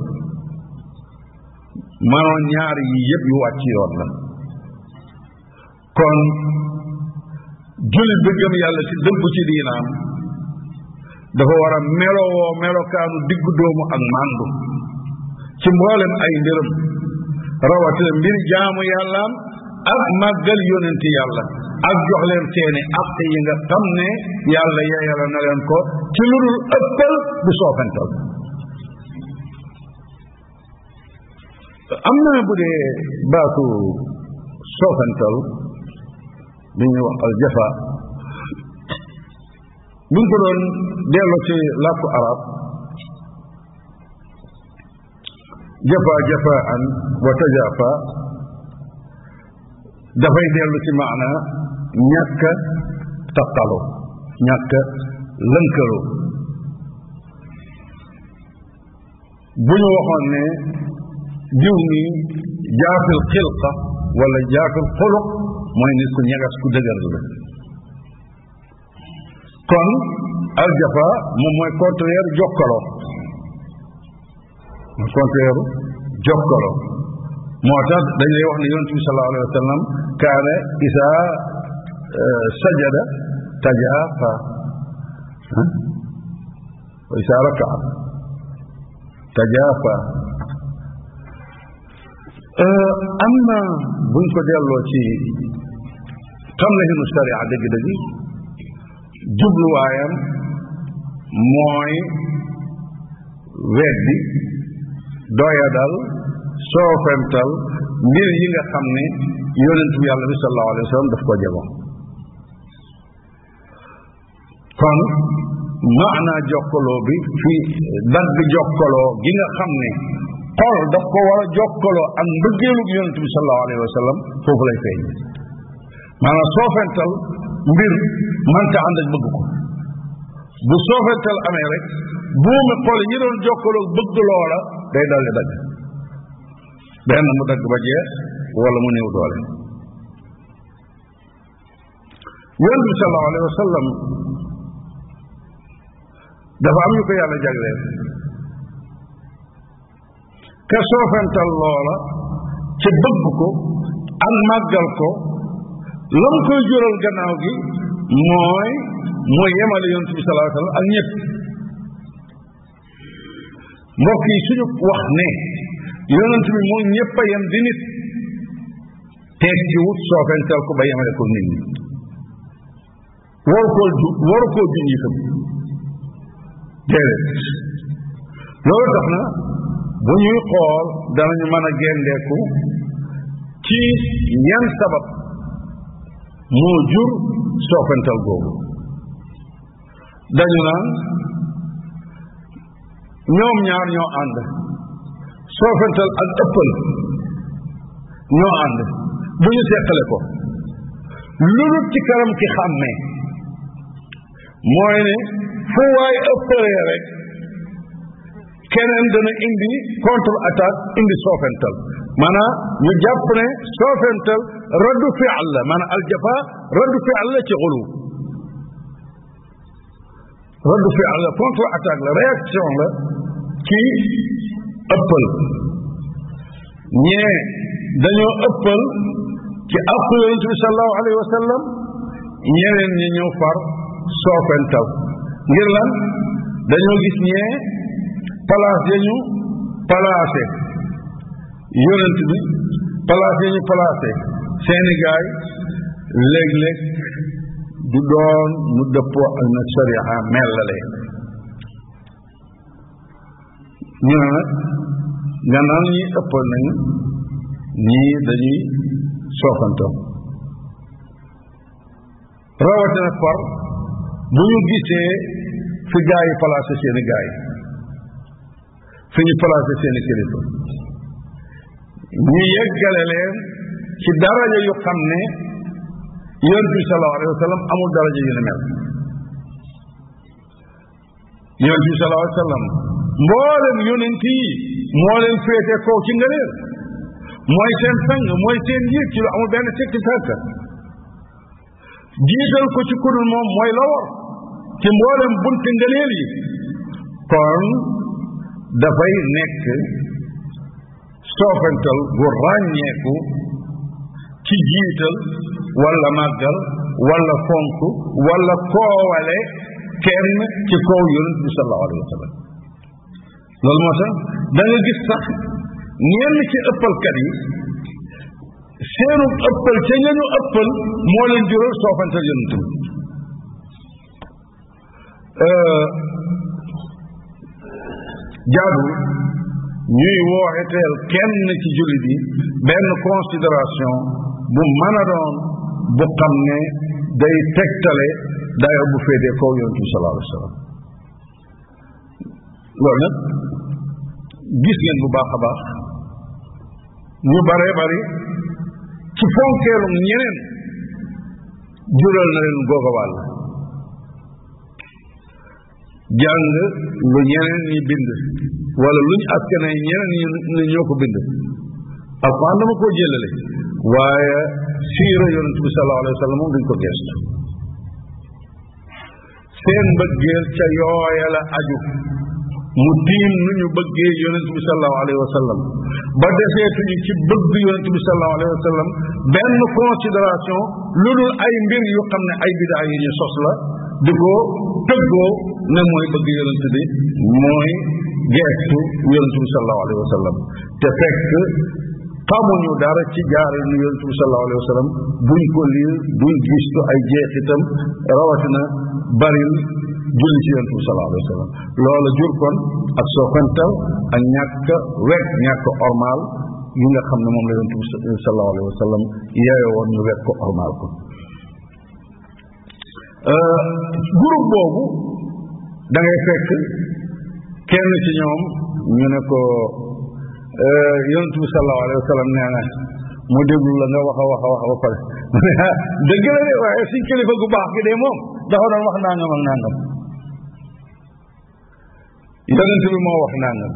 maanaam ñaar yi yëpp yu wàcc la kon jullit bi gëm yàlla ci dëggu ci diinaam dafa war a melo melokaanu diggu doomu ak màndu ci mboolem ay mbiram rawatina mbir jaamu yàllaam ak màggal yonenti yàlla ak jox leen seeni àq yi nga xam ne yàlla yeeyala na leen ko ci lu dul ëppal bu am na bu dee baatu soofantal bi ñuy al jafa buñ ko doon ci làkku arab jafa jafa an wa tajafa dafay dellu maana ñàkk taqalu ñàkk lënkalu bu ñu diw mi jaafil xilqa wala jaafil xuluq mooy nit ku ñegas ku dëgër la kon aljafa moom mooy contraire jokkaloo mooy contraire jokkaloo moo tax dañ lay wax ne yonent bi sallallahu alayhi wa sallam kaana isa euh, sajada tajaafa wa isa rakaa tajaafa Euh, am na buñ ko delloo ci tam la xinu sharia dëgg-dëgg jubluwaayam mooy weddi doyadal soofental mbir yi nga xam ne yonent bi yàlla bi sallallahu alayhi wa sallam daf ko jagoon kon maanaa jokkaloo bi fi dagg jokkaloo gi nga xam ne xol daf ko war a jokkaloo ak mbëggeelu yonente bi sallallahu alayhi wa sallam foofu lay soofental mbir mënta ànd bëgg ko bu soofental amee rek buumi xol yi doon jokkaloo bëgg loola day daldi dagg benn mu dagg ba jeex mu néew doole yonente bi sallallahu alayhi wa sallam dafa am ñu ko yàlla ka soofantal loola ca bëgg ko ak màggal ko lam koy jural gannaaw gi mooy mooy yemale yonent bi sallallahu alayhi wa sallam ak ñëpp wax ne yonent bi mooy ñëpp a yem di nit teeg ci ko ba yemale nit ñi waru koo waru koo junj itam tax na bu ñuy xool danañu mën a géndeeku ci ñan sabab mu jur soofantal googu dañu naan ñoom ñaar ñoo ànd soofantal ak ëppal ñoo ànd bu ñu seqale ko lulut ci kanam ki xàmmee mooy ne fu waay ëppalee rek keneen dana indi contre attaque indi soofental maanaam ñu jàpp ne soofental raddu fial la maanaam aljafa raddu fial la ci xulu raddu fial la contre attaque la réaction la ci ëppal ñee dañoo ëppal ci àqu yonent bi sallallahu alayhi wa sallam ñeneen ñi ñëw far soofental ngir lan dañoo gis palaas ya ñu placé bi palaas ya ñu seeni gaay léeg-léeg du doon mu dëppoo ak nag sharia mellale ñu nag nga naan ñi ëppal nañ ñii dañuy sooxantam rawatina par bu ñu gisee fi gaay yi placé seeni gaay fi ñu seen i kilifa ñu yeggale leen ci daraja yu xam ne yonent bi sallallahu alayhi amul daraja yu ne mel yonent bi sallallahu alayhi wa sallam mboolem yonent yi moo ci ngëneel mooy seen sang mooy seen njiit ci lu amul benn tekki tàkk jiital ko ci kudul moom mooy la war ci mboolem bunti ngëneel yi kon dafay nekk soofantal gu ràññeeku ci jiital wala màggal wala fonk wala koowale kenn ci kaw yonent bi sallallahu alayhi wa sallam loolu moo tax da nga gis sax ñenn ci ëppalkat yi seenu ëppal ca ñañu ëppal moo leen jural soofantal yonent bi euh, jaadu ñuy wooxeteel kenn ci jullit yi benn considération bu mën a doon bu xam ne day tegtale dayo bu féetee kaw yonent bi sallallahu alayhi wa sallam loolu nag gis ngeen bu baax a baax ñu baree bari ci fonkeelu ñeneen jural na leen googa wàll jàng lu ñeneen ñi bind wala luñ askane ñeneen ñi ne ñoo ko bind alquran dama koo jëlale waaye siira yonente bi sallallahu alayhi wa sallam moom duñ ko gestu seen mbëggeel ca yooya la aju mu tiim nu ñu bëggee yonente bi sallallahu alayhi wa ci bëgg yonente bi sallallahu alayhi wa sallam benn considération lu dul ay mbir yu xam ne ay bidaa yi ñu sos di ko tëggoo ne mooy bëgg yonent bi mooy geestu yonent bi sallallahu alayhi wa sallam te fekk xamuñu dara ci jaare nu yonent bi sallallahu alayhi buñ ko liir buñ gistu ay jeexitam rawatina baril julli ci yonent bi sallallahu alayhi wa loola jur kon ak sookantal ak ñàkk wekk ñàkk ormaal yi nga xam ne moom la yonent bi sallallahu alayhi wa sallam ñu wekk ormaal ko euh, groupe boobu da ngay fekk kenn ci ñoom ñu ne ko euh, yonent bi sallallahu alayhi wa sallam nee mu déglu la nga wax a wax a wax ba pare mu (laughs) ne dëgg la de waaye suñ kilifa gu baax gi de moom dafa doon wax nangam ak nangam yonent bi moo wax nangam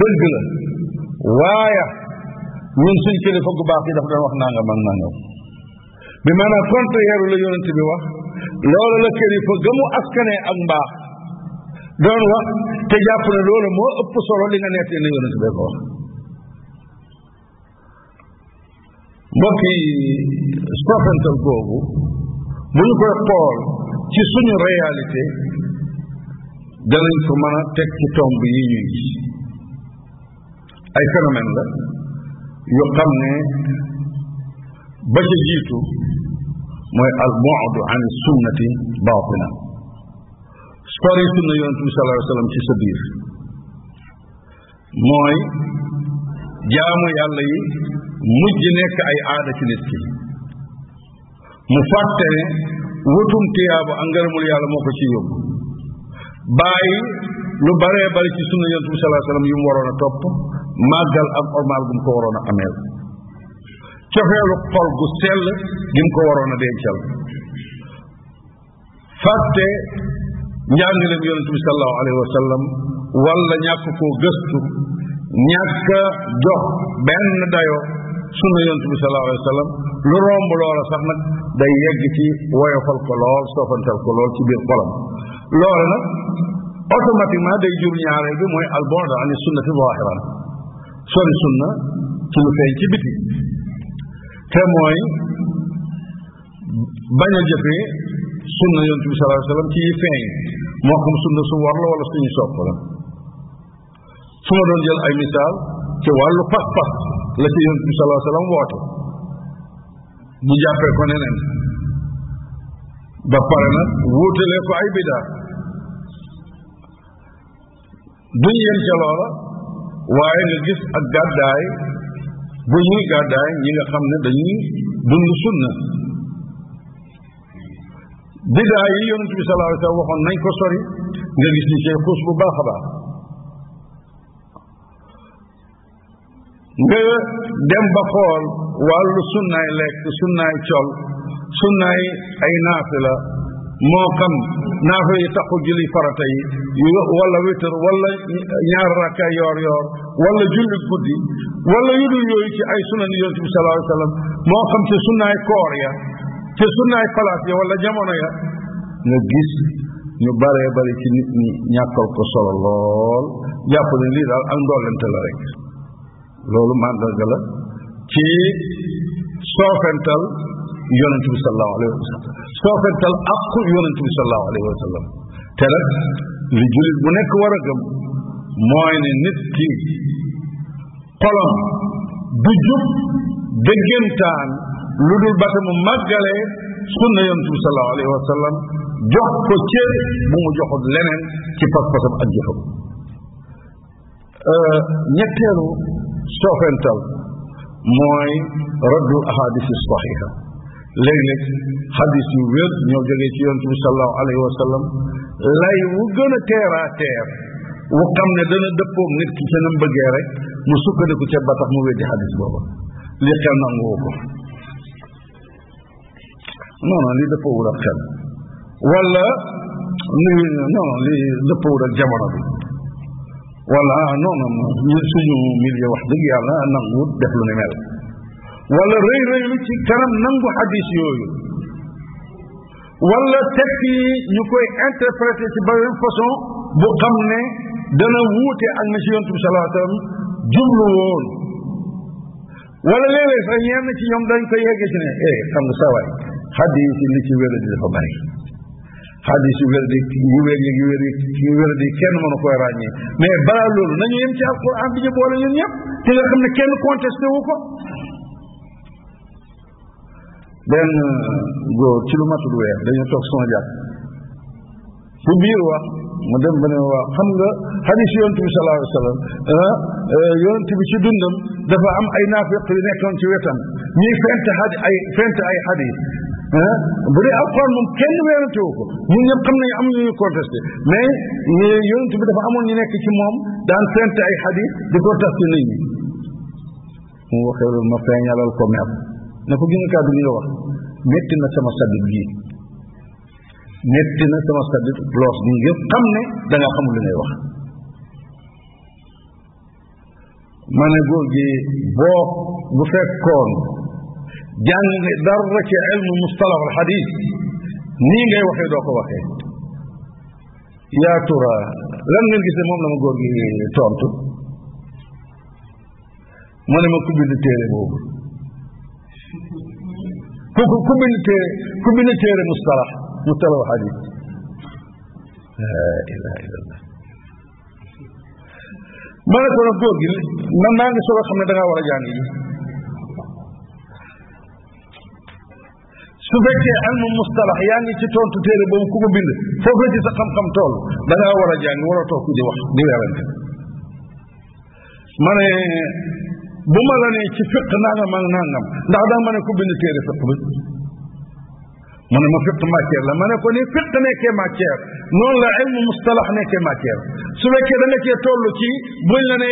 dëgg la waaye ñun suñ kilifa gu baax gi dafa doon wax nangam ak nangam bi maanaam contraire la yonent bi wax loolu la kilifa gëmu askane ak mbaax doon wax te jàpp ne moo ëpp solo li nga nettee na yonent bee ko wax mbokk yi soppantal googu bu ñu koy xool ci suñu réalité danañ ko mën a teg ci tomb yi ñuy gis ay phénomène la yu xam ne ba ca jiitu mooy al bu'du an sunnati baatinan sori sunna yonente bi sallallahu alayhi wasallam ci sa biir mooy jaamu yàlla yi mujj nekk ay aada ci nit mu fàtte ne wutum tiyaabu ak ngërëmul yàlla moo ko ci yóbbu bàyyi lu baree bari ci sunna yonente bi sallallahu alayhi wasallam yu mu waroon a topp màggal ak ormaal bu ko waroon a ameel cofeelu xol gu sell gi mu ko waroon a dencal fàtte njàngaleem yonente bi sallallahu alayhi wa sallam wala ñàkk koo gëstu ñàkk a jox benn dayo sunna yonente bi sallallahu alayhi wa sallam lu romb loola sax day yegg ci woyofal ko lool soofantal ko lool ci biir xolam loola nag automatiquement day jur ñaareel bi mooy albonde ani sunnati zahiran sori sunna ci lu feeñ biti te mooy bañ a jëfee sunna yonent bi sallallahu alayhi wasallam ci yi feeñ moo xam sunna war la wala su ma doon jël ay misaal ci wàllu pas-pas la ci yonent bi sallallahu alayhi neneen ba pare nag wuutalee ay bidaa duñ yem ca waaye nga gis ak gàddaay bu ñuy gàddaay ñi nga xam ne dañuy dund sunna bidaa yi yonent bi sallallahu waxoon nañ ko sori nga gis ni see bu baax a baax nga dem ba xool wàllu sunnaay lekk sunnaay col sunnaay ay naafila moo xam naafe yi taxu julli farata yi wala witr wala ñaar rakka yoor yoor wala julli guddi wala yu dul yooyu ci ay sunan yonent bi moo xam ci sunnaay koor ya ci sunnaay palaas ya wala jamono ya nga gis ñu baree bari ci nit ñi ñàkkal ko solo lool jàpp ne lii daal ak ndollente la rek loolu màndarga la ci soofental yonent bi sallallahu alayhi wa sallam soofental aqu yonent bi sallallahu alayhi wa sallam te nag li jullit bu nekk war a gëm mooy ne nit ki xolom du jub dëggantaan lu dul ba te mu màggalee sunna yonent bi sallallahu alayhi wa sallam jox ko cër bu mu joxul leneen ci pas-pasam ak jëfam euh, ñetteelu soofental mooy raddul ahadisi saxiha léeg-léeg xadis yu wér ñoo jógee ci yonent bi sallallahu alayhi lay wu gën a teer à teer wu xam ne dana dëppoog nit ki ca nam bëggee rek mu sukkandiku ca ba tax mu weddi xadis booba li xel nanguwu ko non non li dëppoowul ak xel wala li non non li dëppoowul ak jamono bi wala non non suñu milieu wax dëgg yàlla nanguwut def lu ni mel wala rëy rëylu ci kanam nangu xadis wala tekk yi ñu koy interprété ci beneen façon bu xam ne dana wuute ak na ci yontu bi salaa sallam wala léeg-léeg sax ñenn ci ñoom dañ koy yeggee ci ne eh xam nga sawaay ci wéra di dafa bari xadis yu wér di yu wér yi kenn mënu koy ràññee mais balaa loolu nañu yem ci alquran bi ñu boole ñun ñëpp te nga ne kenn contesté wu ko benn góor ci lu matul weer dañu toog sama jàpp bu biir wax mu dem ba ne waa xam nga xadis yonent bi sallallahu alayhi wa sallam ah, eh, yonent bi ci dundam dafa am ay naafiq yu nekkoon ci wetam ñuy fent xadi ay fent ay xadis ah, bu dee alquran moom kenn weerante wu ko ñun ñëpp xam nañu am ñu ñu contesté mais yonent bi dafa amoon ñu nekk ci moom daan fent ay xadis di ko tas ci nit ñi mu waxee loolu ma feeñalal ko mer ne ko gis nga kàddu gi nga wax métti na sama saddit gii métti na sama saddit loos gi ngir xam ne da nga lu li ngay wax ma ne góor gi boo bu fekkoon jàng dara ci ilmu mustalah al xadis nii ngay waxee doo ko waxee yaa tura lan ngeen gis ne moom la ma góor gi tontu moo ne ma ku bind téere boobu ku ku bind téere ku bind téere mustalax mustalax xadis laa ilaha illallah ma ne ko nag góor gi man naa ngi soog a xam ne da ngaa war a jàng yi su fekkee almu mustalax yaa ngi ci tontu téere boobu ku ko bind foofu la ci sa xam-xam tool da ngaa war a jàng waroo toog di wax di weerante ma ne bu ma la nee ci fiq nangam ak nangam ndax daa ma ne ku bind téere fiq bi mu ne ma fiq matière la ma ne ko ni fiq nekkee matière noonu la ilmu mustalax nekkee matière su fekkee da nga cee toll ci buñ la ne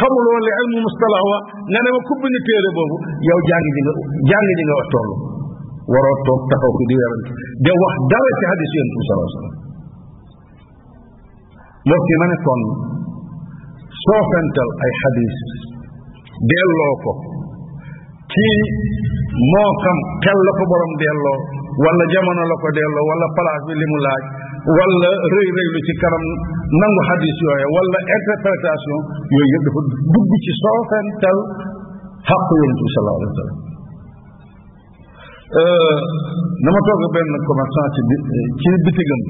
xamuloo li ilmu mustalax wa nga ne ma ku bind téere boobu yow jàng ji nga jàng ji nga wax toll waroo toog taxaw fi di werante de wax dara ci hadis yonent bi sallallahu alayhi wasallam mbokk yi ma ne kon soo fental ay hadis delloo ko ci moo xam xel la ko borom delloo wala jamono la ko delloo wala place bi li mu laaj wala rëy rëylu ci kanam nangu xadis yooya wala interprétation yooyu yëpp dafa dugg ci soofental xàqu yonente bi sallallahu alayhi wa sallam na euh, ma toog benn commerçant ci ci bitigam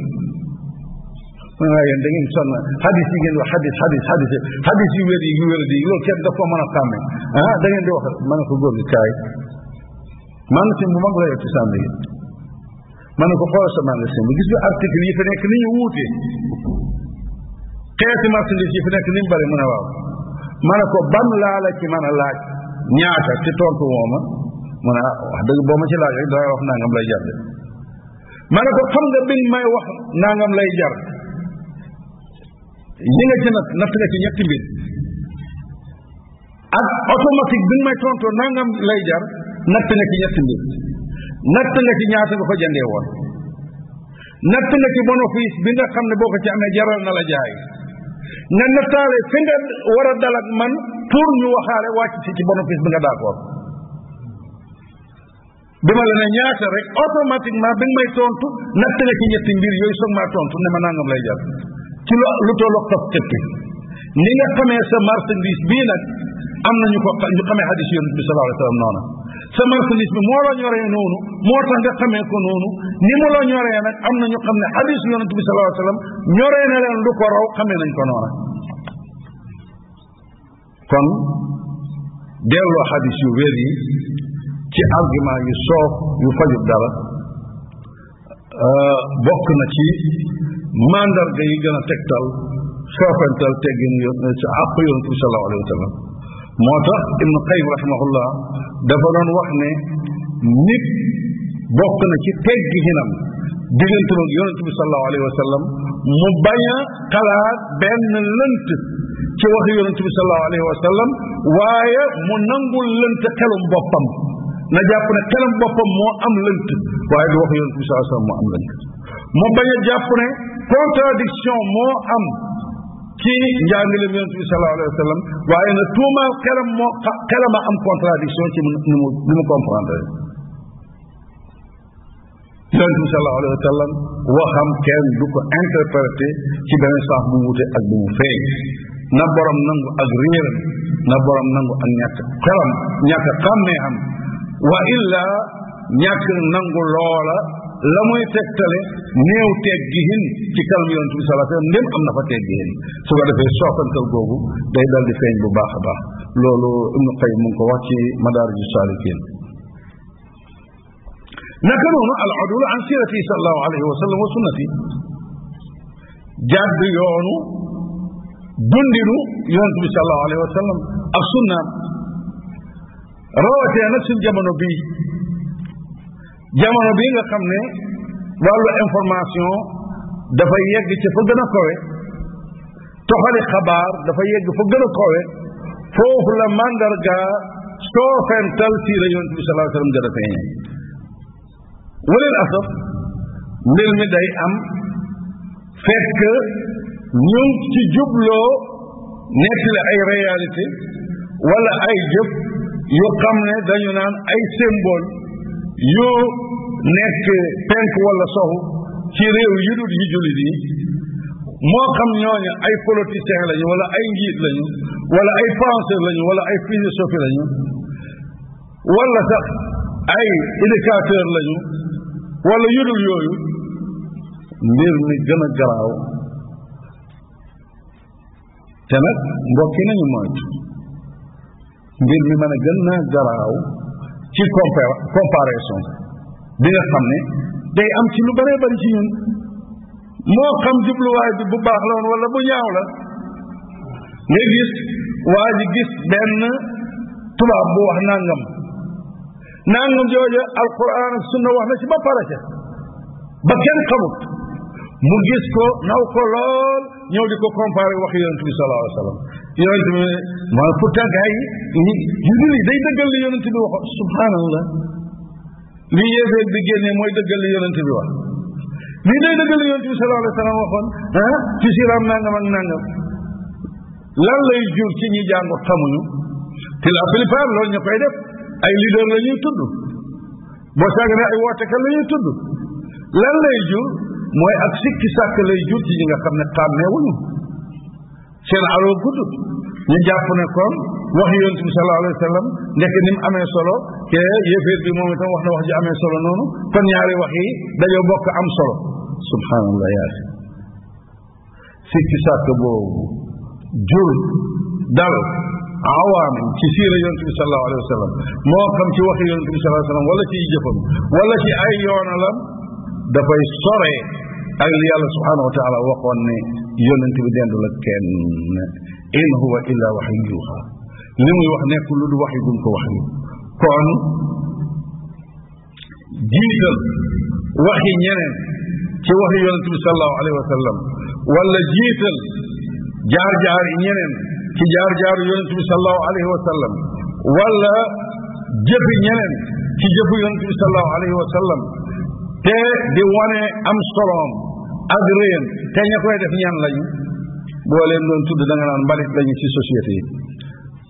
man a yéen da ngeen sonn xadis yi ngeen wax xadis xadis xadis xadis yu wér yi yu wér di loolu kenn ko mën a xàmme ah da ngeen di wax ma ne ko góor gi kaay magasin bu mag la yor ci ma ne ko xoolal sa magasin bi gis nga article yi fi nekk ni ñu wuute xeeti marchandise yi fi ni mu mu ne waaw ma ne ko ban laa la ci mën a laaj ñaata ci tontu wooma mu ne mu ah, na dëgg boo ma ci laaj rek dangay wax nangam lay jar de ma ne ko xam nga biñ may wax nangam lay jar ñi nga ci nat natt nga ci ñetti ak automatique bi nga may tontoo nangam lay jar natt nga ci ñetti mbir natt nga ci ñaata nga ko jëndee woon natt nga ci bénéfice bi nga xam ne boo ko ci amee jaral na la jaay nga nattaale fi war a dal man pour ñu waxaale wàcc si ci bénéfice bi nga d'accord bi ma la ne ñaata rek automatiquement bi nga may tontu natt nga ci ñetti mbir yooyu soog maa tontu ne ma nangam lay jar ci lu toll ak fab tëppi ni nga xamee sa marchandise bii nag am nañu ko ñu xamee xadis yonent bi sallallahu alayhi noona sa marchandise bi moo la noonu moo tax nga xamee noonu ni mu la am na ñu xam ne xadis yonent bi sallallahu alayhi wa sallam lu ko raw xamee nañ ko noona kon delloo xadis yu wér yi ci argument yu soof yu fajut dara euh, bokk na ci mandarga yi gën a tegtal soofental teggin ci àq yonent bi sallallahu alayhi wa sallam moo tax ibnu qayim rahimahullah dafa doon wax ne nit bokk na ci tek diggante mag yonent bi sallallahu alayhi wa sallam mu bañ a xalaat benn lënt ci waxi yonent bi sallallahu alayhi wa sallam waaye mu nangul lënt xelum boppam na jàpp ne xelum boppam moo am lënt waaye du wax yonent bi sallallahu alayhi wa sallam moo am lënt mu bañ a ne contradiction moo am ci njàngaleem yonent bi sallallahu alayhi wa sallam waaye na tuumaal xelam a am contradiction ci mu ni mu comprendre yonent bi sallallahu alayhi wa sallam waxam kenn du ko interprété ci benn sens bu ak bu na borom nangu ak réeram na borom nangu ak ñàkk xelam ñàkk xàmmee am wa illa ñàkk nangu loola la muy tegtale néew teggihin ci kanam yonente bi sallallahu alayhi wasallam ndem am na fa teggihin su ko defee sookantal googu day dal di feeñ bu baax a baax loolu Ibnu Qayyim mu ngi ko wax ci madaariju saalikin naka noonu al adul an sirati sallallahu alayhi wa sallam wa sunnati jàdd yoonu dundinu yonent bi sallallahu alayhi wa sallam ak sunnaam rawatee nag suñ jamono bii jamono bii nga xam ne wàllu information dafa yegg ci fa gën a kowe toxali xabaar dafa yegg fa gën a kowe foofu la mandarga soofental ci la yonent bi sallallahu alayhi wasallam gën a feeñee day am fekk ay réalité wala ay jëf yu xam ne dañu naan ay symbole yoo nekk penk wala sowu ci réew yu dul yi jullit yi moo xam ñooñu ay politiciens lañu wala ay njiit lañu wala ay penseurs lañu wala ay philosophes lañu wala sax ay éducateurs lañu wala yu dul yooyu mbir mi gën a garaaw te nag mbokki nañu moytu mbir mi mën a gën naa garaaw ci compa comparaison bi xam ne day am ci lu bëree bëri ci ñun moo xam jubluwaay bi bu baax la woon wala bu ñaaw la nga gis waa ji gis benn tubaab bu wax nangam nangam jooja alquran ak sunna wax na ci ba pare ca ba kenn xamut mu gis ko naw ko lool ñëw di ko comparé wax yonent bi sallallahu alayhi yonent bi ne waaw pourtant gars yi ñi jullit yi day dëggal li yonent wax subhaanallah li yéeféer bi génnee mooy dëggal li yonent bi wax lii day dëggal li yonent bi sallallahu alayhi wa sallam waxoon ah ci siram nangam lay jur ci ñi jàngu xamuñu te la plupart loolu ñu koy def ay leader la ñuy tudd boo sàgganee ay wootekat la ñuy tudd lan lay jur mooy ak sikki sàkk lay jur ci ñi nga xam ne xàmmeewuñu seen alal gudd ñu jàpp ne kon wax yonent bi sallallahu alayhi wa sallam ndekk mu amee solo te yëféer bi moom itam wax na wax ji amee solo noonu kon ñaari wax yi dañoo bokk am solo subhanallah yaasin sikki sàkk boobu jur dal awaam ci siira yonent bi sallallahu alayhi wa sallam moo xam ci waxi yonent bi sallallahu alayhi wala ci jëfam wala ci ay dafay soree ak li yàlla subhaanahu wa taala waxoon ne yonent bi dendul ak kenn in huwa illa waxyu yuuxa li muy wax nekkul lu du wax yu ko wax yu kon jiital waxi ñeneen ci waxi yonent bi sallallahu alayhi wa sallam wala jiital jaar-jaar yi ñeneen ci jaar-jaaru yonent bi sallallahu alayhi wa sallam wala jëfi ñeneen ci jëfu yonent bi sallallahu alayhi wa sallam te di wane am soloom ak réyam te ña koy def ñan lañu boo doon tudd da nga naan mbalit lañu ci société yi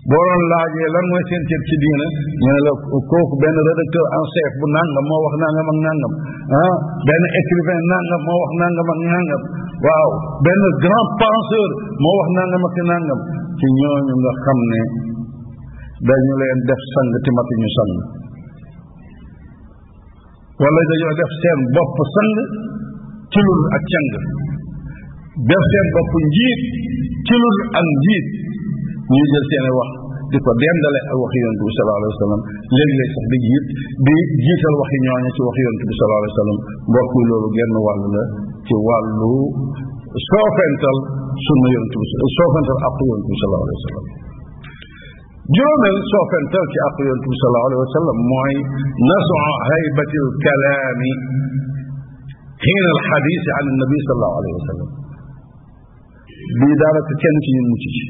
boo doon laajee lan mooy seen cër ci diina ñu ne la kooku benn rédacteur en chef bu nangam moo wax nangam ak nangam ah benn écrivain nangam moo wax nangam ak nangam waaw benn grand penseur moo wax nangam ak nangam ci ñooñu nga xam ne dañu leen def sang ti mati ñu sang wala dañoo def seen bopp sang ci lul ak cang def seen bopp njiit ci lul ak njiit ñu wax di ko dendale ak wax yonent bi sallallahu alayhi wa sallam léeg-léeg sax di jiit di jiital wax yonent bi sallallahu alayhi wa sallam wàll la ci wàllu soofental sunna yonent bi soofental ak yonent bi sallallahu soofental ci ak yonent bi sallallahu alayhi xiina alxadis an annabi sallallahu alayhi wa sallam bii daanaka kenn ci ñun mucc ci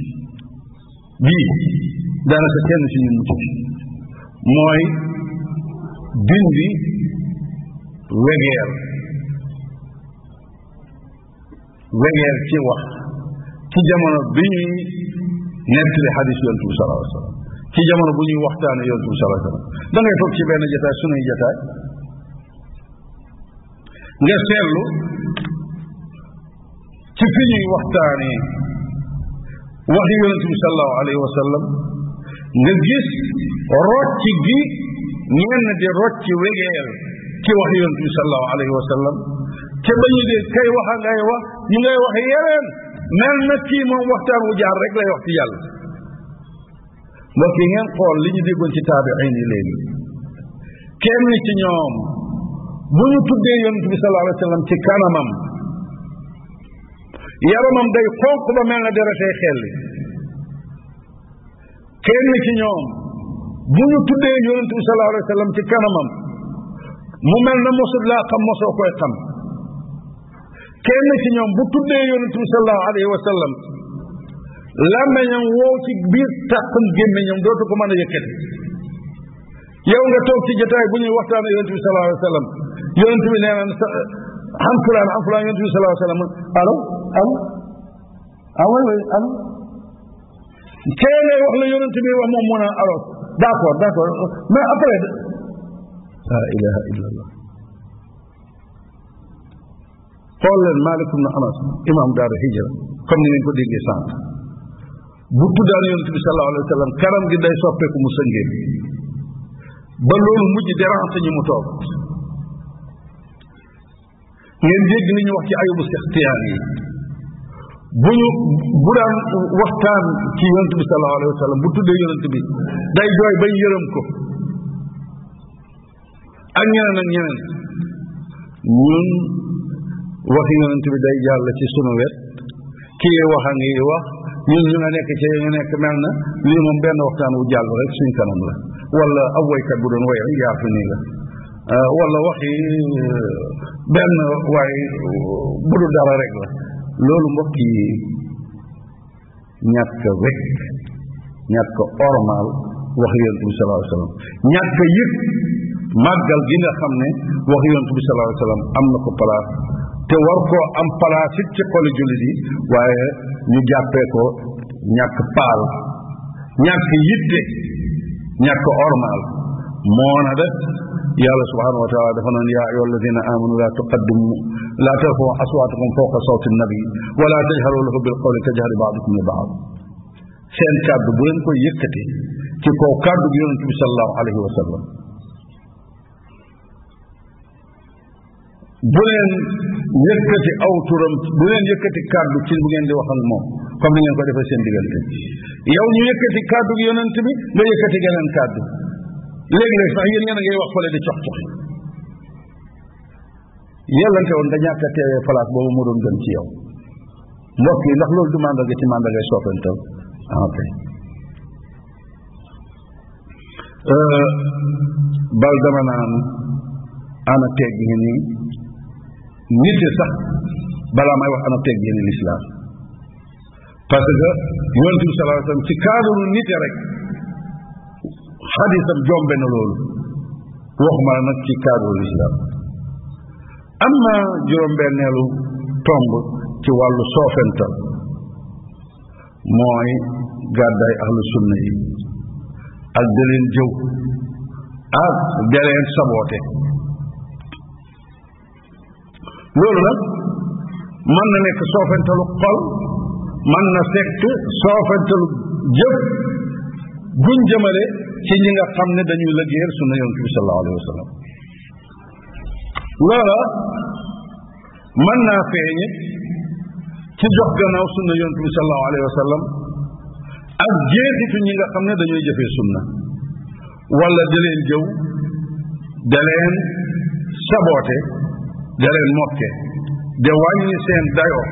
bii daanaka kenn ci ñun mucc ci mooy dindi wegeer wegeer ci wax ci jamono bi ñuy nettali xadis yontu bi sallallahu alayhi wa sallam ci jamono bu ñuy waxtaane yontu bi sallallahu alayhi wa sallam da ngay toog ci benn jataay sunuy jataay nga ci fi ñuy waxtaanee wax yonente bi salallahu alayhi wa sallam nga gis rocc gi ñenn di rocc wegeel ci wax yonente bi salallahu alayhi wa sallam ca ba ñu dee kay waxa ngay wax ñu ngay wax yeneen mel na kii moom waxtaan wu jaar rek lay wax ci yàlla mbokk yi ngeen xool li ñu déggoon ci taabiin yi léegi kenn ci ñoom bu ñu tuddee yonent bi sallallahu alayhi wa sallam ci kanamam yaramam day xonq ba mel na deretee xelli kenn ci ñoom bu ñu tuddee yonent bi sallallahu alayhi wa sallam ci kanamam mu mel na mosut laa xam mosoo koy xam kenn ci ñoom bu tuddee yonent bi sallallahu alayhi wa sallam làmmeñam woow ci biir tàqum gémmeñam dootu ko mën a yëkkati yow nga toog ci jotaay bu ñuy waxtaan yonent bi sallallahu alayhi wa sallam yonent bi nee na xam fulaan xam fulaan yonent bi salaa sallam alo am ah oui oui am keelee wax la yonent bi wax moom mun a alo d' accord d' accord mais après la ilaha illa allah xool leen Malik ibn Anas imam daaru hijra comme ni ngeen ko déggee sànq bu tuddaan yonent bi sallallahu alayhi wa sallam karam gi day soppeeku mu sëngee ba loolu mujj dérange ñi mu toog ngeen dégg li ñu wax ci ayubu sextiyaan yi bu ñu bu daan waxtaan ci yonent bi sallallahu alayhi wa bu tuddee yonent bi day jooy bay yërëm ko ak ñeneen ak ñeneen ñun waxi yonent bi day jàll ci sunu wet kii wax a ngi wax ñun ñu nga nekk ci ñu nekk mel na lii moom benn waxtaan wu jàll rek suñ kanam la wala ab bu doon woy rek jaar fi nii la Euh, wala waxi euh, benn waay euh, bu dul dara rek la loolu mbokk yi ñàkk a wekk ñàkk a ormaal wax yonent bi sallallahu alayhi wasallam ñàkk a yëg màggal gi nga xam ne wax yonent am na ko place te war koo am place it ci xoli jullit yi waaye ñu jàppee ko ñàkk paal ñàkk yitte ñàkk ormaal moo na yàlla subhanahu wa taala dafa noon yaa ayuha alladina amanu la tuqaddimu la tarfau aswaatakum fawqa sawti nabi wala tajharu lahu bil qawli tajhari baadukum li baad seen kàddu bu leen koy yëkkati ci kaw kàddu gi yonente bi salallahu alayhi wa sallam bu leen yëkkati aw turam bu leen yëkkati kàddu ci bu ngeen di wax ak moom comme ni ngeen ko defee seen diggante yow ñu yëkkati kàddu gi yonent bi nga yëkkati geneen kàddu léeg-léeg sax yéen ngeen a ngay wax fële di cox coxi yellante woon nga ñàkk a teewee place boobu mu doon gën ci yow mbokk yi ndax loolu du màndarga ci màndargay soppantal ah, en euh, fait bal dama naan ana teggini ni nit sax balaa may wax ana teggini lislaam parce que yonent bi sallallahu alayhi wasallam ci cadre nit rek xadisam jombe na loolu waxuma la nag ci cadre l'islam am na juróom-benneelu tomb ci wàllu soofental mooy gàddaay ahlu sunna yi ak da leen jëw saboote loolu nag mën na nekk soofentalu xol mën na sekk soofentalu jëf guñ jëmale ci ñi nga xam ne dañuy lëggéeyal sunna yonent bi sallallahu alayhi wa sallam loola mën naa feeñe ci jox gannaaw sunna yonent bi sallallahu alayhi wa sallam ak jeexitu ñi nga xam ne dañuy jëfee sunna wala da leen jëw da leen saboote da leen de wàññi seen dayoo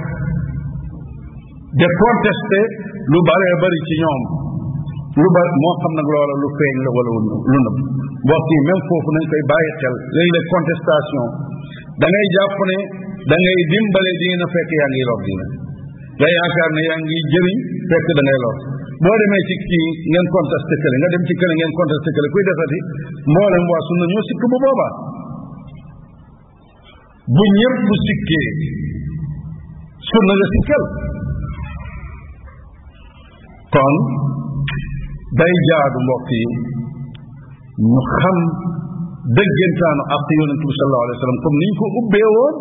de contesté lu baree bari ci ñoom lu ba moo xam nag loola lu feeñ la wala lu nëb mbokk yi même foofu nañ koy bàyyi xel léegi-léeg contestation dangay ngay jàpp ne da ngay dimbale diina fekk yaa ngi lor diina nga yaakaar ne yaa ngi jëriñ fekk da ngay boo demee ci kii ngeen contesté kële nga dem ci kële ngeen contesté kële kuy defati mboolem waa sunna ñoo sikk bu boobaa bu ñëpp sikkee sunna nga sikkal kon day jaadu mbokk yi ñu xam dëggantaanu ak yonente bi sallallahu alayhi wa sallam comme niñ ko ubbee woon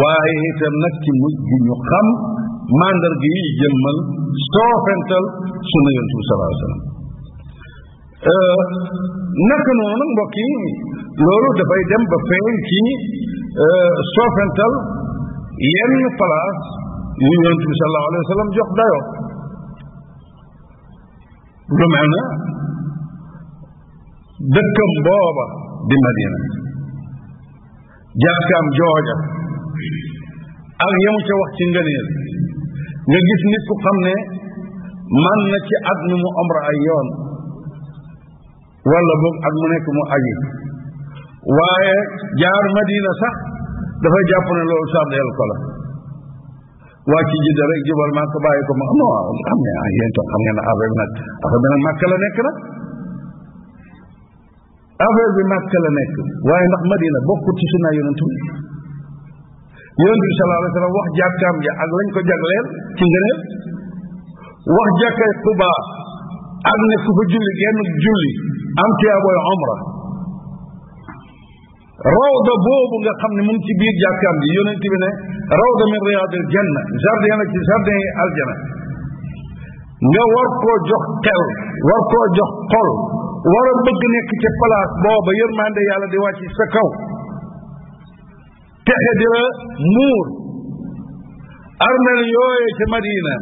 waaye itam nag ci mujj ñu xam mandarga yi jëmmal soofental sunna yonente bi sallallahu alayhi wa sallam euh, naka noonu nag mbokk yi loolu dafay dem ba feeñ ci euh, soofental yenn place yu yonente bi sallallahu alayhi wa sallam jox dayoo lu mel na dëkkam booba di Madina jàkkaam jooja ak yemu ca wax ci ngëneel nga gis nit ku xam ne man na ci at mi mu omra ay yoon nekk mu aji waaye jaar Madina sax dafay jàpp ne loolu sàddeel ko la waa ci jidda rek jubal màkk bàyyi ko ma ama waaw xam nga ah yéen tam xam ngeen ne affaire bi nag affaire bi nag màkk la nekk nag affaire bi màkk la nekk waaye ndax madina bokkut ci sunna yonent bi yonent bi sallallahu alayhi wax jàkkaam ja ak lañ ko jagleel ci ngëneel wax jàkkay xubaa ak ne ku fa julli genn julli am tiyaaboy omra rawda boobu nga xam ne mu ngi ci biir jàkkaam ji yonent bi rawda min riyaadil janna jardin nga war koo jox xel war koo jox a ci place booba yërmande yàlla di wàcc sa kaw texe di la muur armel Madina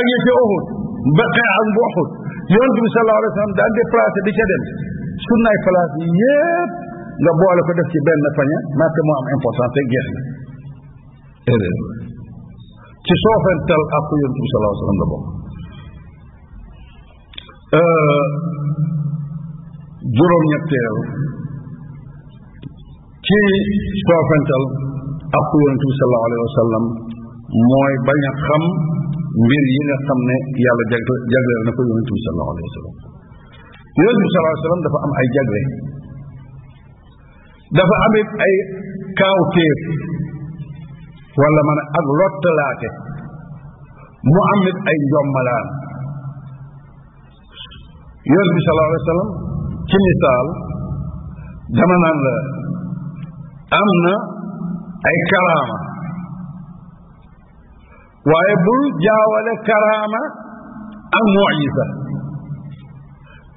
ak ya ca Uhud baqe ak bu Uhud yonent bi sallallahu alayhi wa sallam daan déplacé di ca dem sunnaay place ko def ci benn pañe maaka moo am importance te ci soo ak yonent bi salaa sallam la bokk euh, juróom-ñetteel ci soofental ak yonent bi salaa alayhi mooy bañ a xam mbir yi nga xam ne yàlla jagle jagleel na ko yonent bi salaa alayhi wa dafa am ay jagle dafa am it ay kaawteef wala man ak lottalaate mu am it ay njommalaan yonent bi sallallahu alayhi wa ci misaal dama naan la am ay karaama waaye bul jaawale karaama ak mucjisa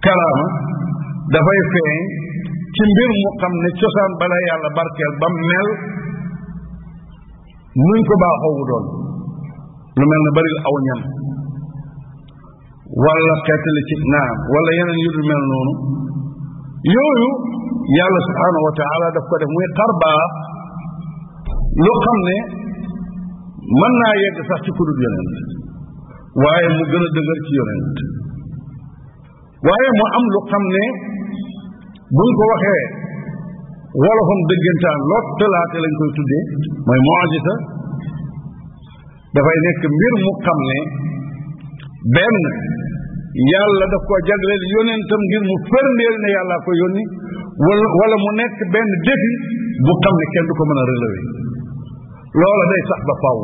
karaama dafay feeñ ci mbir mu xam ne cosaan bala yàlla barkeel ba mel mu nuñ ko baaxoo wu doon lu mel ne baril aw ñam wala xeetali ci naa wala yeneen yu du mel noonu yooyu yàlla subhaanahu wa taala daf ko def muy xarbaax loo xam ne mën naa yegg sax ci kudut yonent waaye mu gën a dëgër ci yonent waaye mu am lu xam ne buñ ko waxee wolofam dëggantaan lottalaate lañ koy tuddee mooy mu'jiza dafay nekk mbir mu xam ne benn yàlla daf koo jagleel yonentam ngir mu firndeel ne yàlla ko yónni wala mu nekk benn défi bu xam ne kenn du ko mën a relever loola day sax ba faaw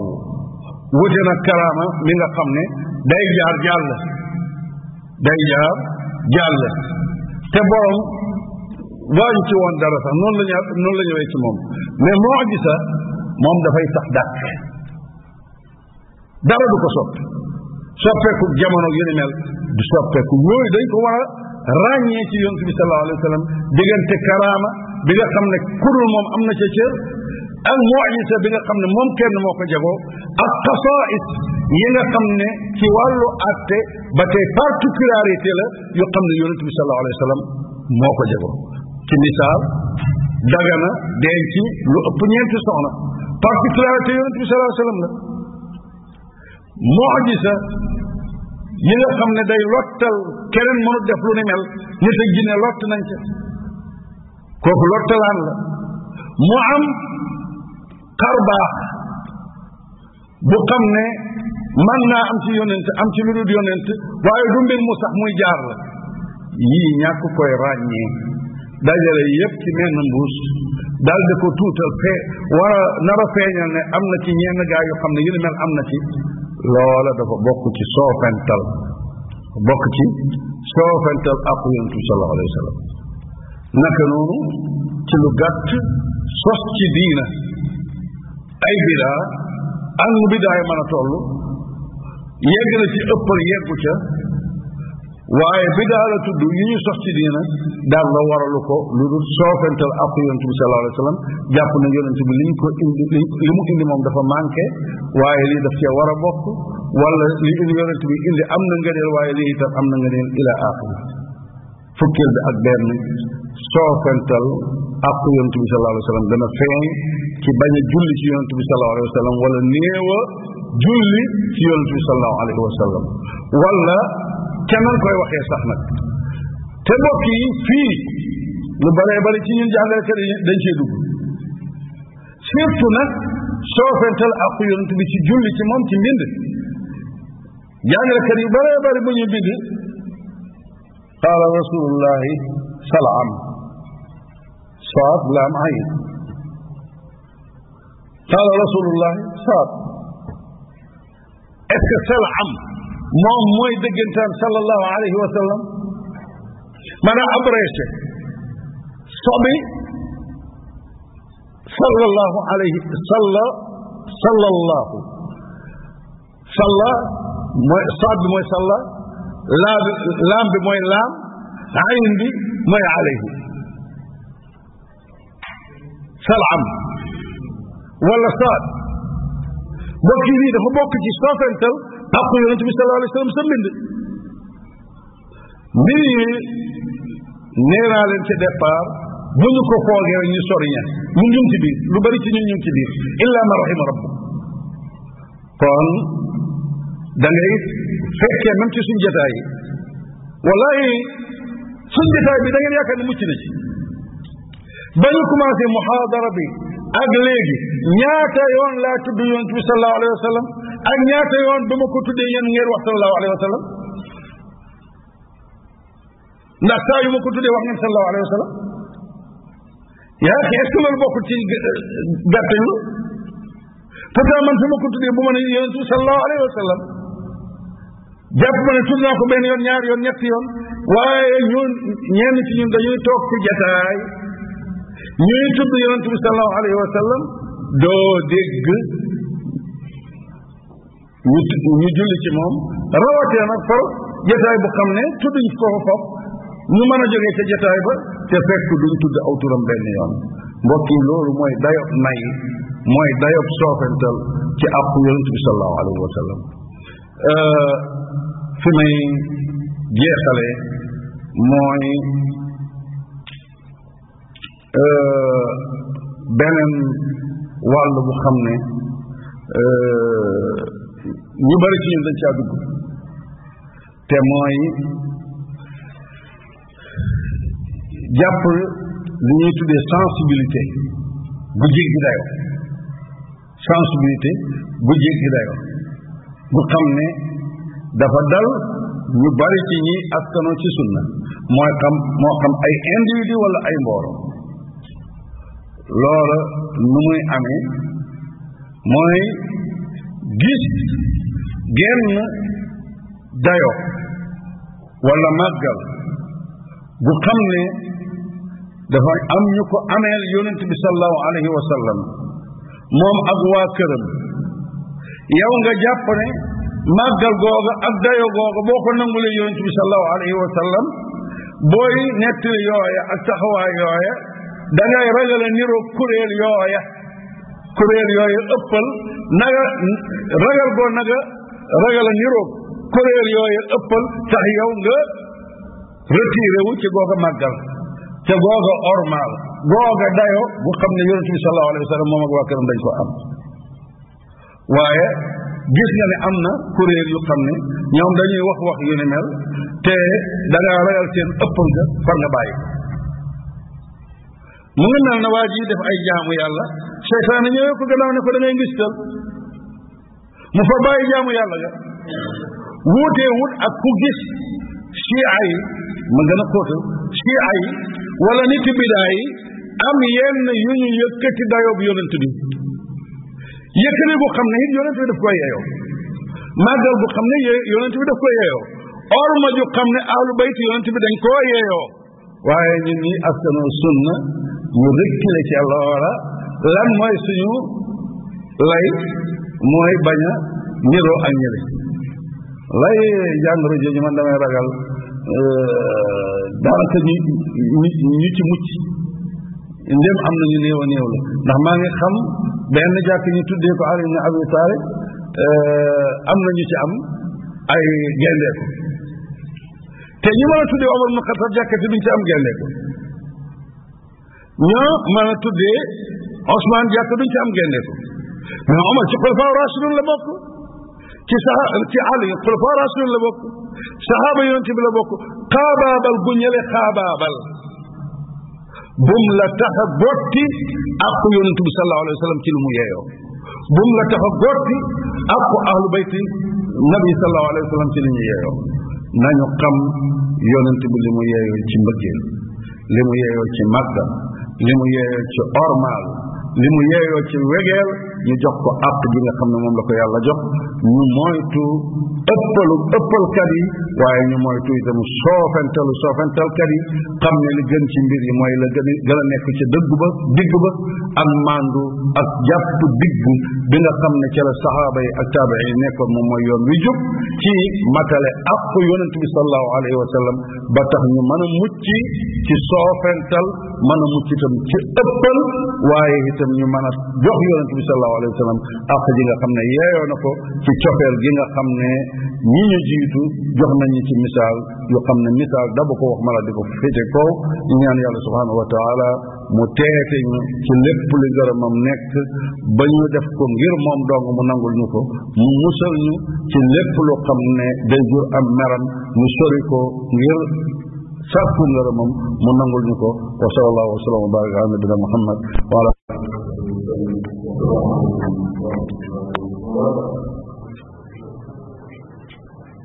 wute karaama mi nga xam ne day jaar jàll day jaar jàll te borom baañu ci woon dara sax noonu la ñu noonu la ñëwee ci moom mais mucjisa moom dafay sax dàkk dara du ko soppi soppeeku jamono yu ni mel du soppeeku yooyu dañ ko war a ràññee ci yonent bi sallallahu alayhi wa sallam diggante karaama bi nga xam ne kurul moom am na ca cër ak mucjisa bi nga xam ne moom kenn moo ko jagoo ak xasaais yi nga xam ne ci wàllu atte ba tey particularité la yu xam ne yonent bi sallallahu alayhi wa sallam moo ko jagoo ci misaal dagana denc lu ëpp ñeenti soxna particularité yonent bi salaa sallam la mojisa yi nga xam mu am xar baax bu xam ne mën naa am ci yonent am ci lu dul yonent waaye du mbir mu sax muy jaar la yii ñàkk koy ràññee daajale yépp ci menn mbuus daal di ko tuutal fe war nar feeñal ne am na ci ñenn gaa yu xam ne yu ni am na ci loola dafa bokk ci soofental bokk ci soofental àqu yonent bi sallallahu alayhi wa sallam naka noonu ci lu gàtt sos ci diina ay bidaa ak nu bidaay mën a toll ci ëppal yeggu ca waaye bidaa la tudd yi ñu sox ci diina daal la waralu ko lu dul soofantal ak yonent bi sallallahu alayhi wa sallam jàpp na yonent bi liñ ko indi li mu indi moom dafa manqué waaye lii daf cee war a bokk wala li indi yonent bi indi am na ngëneel waaye lii itam am na ngëneel ila axiri fukkeel bi ak benn soofantal ak yonent bi sallallahu alayhi wa sallam dana feeñ ci bañ a julli ci yonent bi sallallahu alayhi wa sallam wala néew a julli ci yonent bi sallallahu alayhi wa sallam wala ca nan koy waxee sax nag te mbokk yi fii lu baree bari ci ñun jàngalekat yi dañ cee dugg surtout nag soofental ak yonent bi ci julli ci moom ci mbind jàngalekat yu baree bari bu ñu bind qaala rasulullahi salaam saad laam ayin qaala rasulullahi saad est-ce que salaam moom mooy dëggantaan sallallahu alayhi wa sallam maanaam abrégé sobi sallallahu alayhi salla sallallahu salla mooy saad bi mooy salla laam bi laam bi mooy laam ayn bi mooy alayhi salaam wala saad mbokk yi lii dafa bokk ci soofental àqu yonente bi sallallahu alayhi wa sallam sa mbind mbir yi nee naa leen ci départ bu ñu ko foogee rek ñu sori ña ñun ñu ngi ci biir lu bari ci ñun ñu ngi ci biir illa ma rahima rabb kon da ngay fekkee même ci suñ jotaay yi wallahi suñ jotaay bi da ngeen yaakaar ne mucc na ci ba ñu commencé muhaadara bi ak léegi ñaata yoon laa tudd yonente bi sallallahu alayhi wa sallam ak ñaata yoon ba ma ko tuddee yéen ngeen wax sallallahu alayhi wa sallam ndax saa yu ma ko tuddee wax ngeen sallallahu alayhi wa sallam yaa ngi est-ce que loolu bokkul ci gàttañu pourtant man su ma ko tuddee bu ma ne yonent bi sallallahu alayhi wa sallam jàpp ma ne tudd naa ko benn yoon ñaar yoon ñetti yoon waaye ñun ñenn ci ñun dañuy toog ci jataay ñuy tudd yonent bi sallallahu alayhi wa sallam doo dégg ñu ñu julli ci moom rawatee nag fa jataay bu xam ne tudduñ ko ñu mën a jógee ca jataay ba te fekk duñ tudd aw turam benn yoon mbokk yi loolu mooy dayob nay mooy dayob soofental ci àqu yonent bi sallallahu alayhi wa sallam euh, fi may jeexale mooy euh, beneen wàll bu xam ne euh, ñu bari ci ñun dañ caa dugg te mooy jàpp li ñuy tuddee sensibilité bu jéggi dayo sensibilité bu jéggi dayo bu xam ne dafa dal ñu bari ci ñi askano ci sunna mooy xam moo xam ay individu wala ay mbooro loola nu muy amee mooy gis génn dayo wala màggal gu xam ne dafa am ñu ko ameel yonent bi sallallahu alayhi wa sallam moom ak waa këram yow nga jàpp ne googa ak dayo googa boo ko nangulee yonent bi sallallahu alayhi wa sallam booy nettali yooya ak taxawaay yooya da ngay ragale niroo kuréel yooya kuréel yooya ëppal ragal boo naga ragal a niroog kuréel ëppal tax yow nga retiré wu ci googa màggal te googa ormal googa dayo bu xam ne yonente bi sallallahu alayhi wa sallam moom ak am waaye gis nga ne am na kuréel yu xam ne ñoom dañuy wax wax yu ni mel te da nga ragal seen ëppal nga far nga bàyyi mu ngi mel ne waa ji def ay jaamu yàlla seytaane ñëwee ko gannaaw ne ko da ngay ngistal mu fa bàyyi jaamu yàlla ga wuutee wut ak ku gis chia yi ma gën a xóotal chia yi wala nit bidaa yi am yenn yu ñu yëkkati dayoob yonent bi yëkkati bu xam ne it yonent bi daf koy yeyoo màggal bu xam ne yonent bi daf koy yeyoo orma ju xam ne ahlu bayt yonent bi dañ ko yeyoo waaye ñun ñu rëkkile ca loola lan mooy suñu lay mooy bañ a niroo ak ñële lay jàngoro jooju man damay ragal euh, daanaka ñu ñu ci mucc ndem am nañu néew a néew la ndax maa ngi xam benn jàkk ñu tuddee ko Ali ibn Abi Talib euh, am na ñu ci am ay gendeeku te ñu mën a tuddee Omar ibn Khattab jàkk duñ ci am gendeeku ñoo mën a tuddee Ousmane jàkk duñ ci am gendeeku mais Omar ci xulafaa raashidiin la bokk ci saha ci Ali xulafaa la bokk saxaaba yonent bi la bokk bum la tax a gotti àqu yonent bi sallallahu alayhi ci lu mu yeeyoo bum la tax a gotti àqu ahlu bayti nabi sallallahu alayhi wa ci li ñu yeeyoo nañu xam yonent bi li mu yeeyoo ci mbëggeel mu yeeyoo ci màggal li mu yeeyoo ci ormaal li mu yeeyoo ci wegeel ñu jox ko àq ji nga xam ne moom la ko yàlla jox ñu moytu ëppalu ëppalkat yi waaye ñu moytu itam soofentalu soofentalkat yi xam ne li gën ci mbir yi mooy la gën gën a nekk ca dëgg ba digg ba ak màndu ak jàpp digg bi nga xam ne ca la saxaaba yi ak taabii yi nekkoon moom mooy yoon wi jub ci matale àq yonent bi sallallahu alayhi wa sallam ba tax ñu mën a mucc ci soofental mën a mucc itam ci ëppal waaye itam ñu mën a jox yonent bi sallallahu sallallahu alayhi wa sallam àq ji nga xam ne yeeyoo na ko ci cofeel gi nga xam ne ñi ñu jiitu jox nañu ci misaal yu xam ne misaal dabu ko wax mala di ko féete kaw ñu ñaan yàlla subhaanahu wa taala mu teete ñu ci lépp li gërëmam nekk ba ñu def ko ngir moom dong mu nangul ñu ko mu musal ñu ci lépp lu xam ne day jur am meram mu sori ko ngir sàkku ngërëmam mu nangul ñu ko wa sallallahu wa sallam wa baraka ala nabina muhammad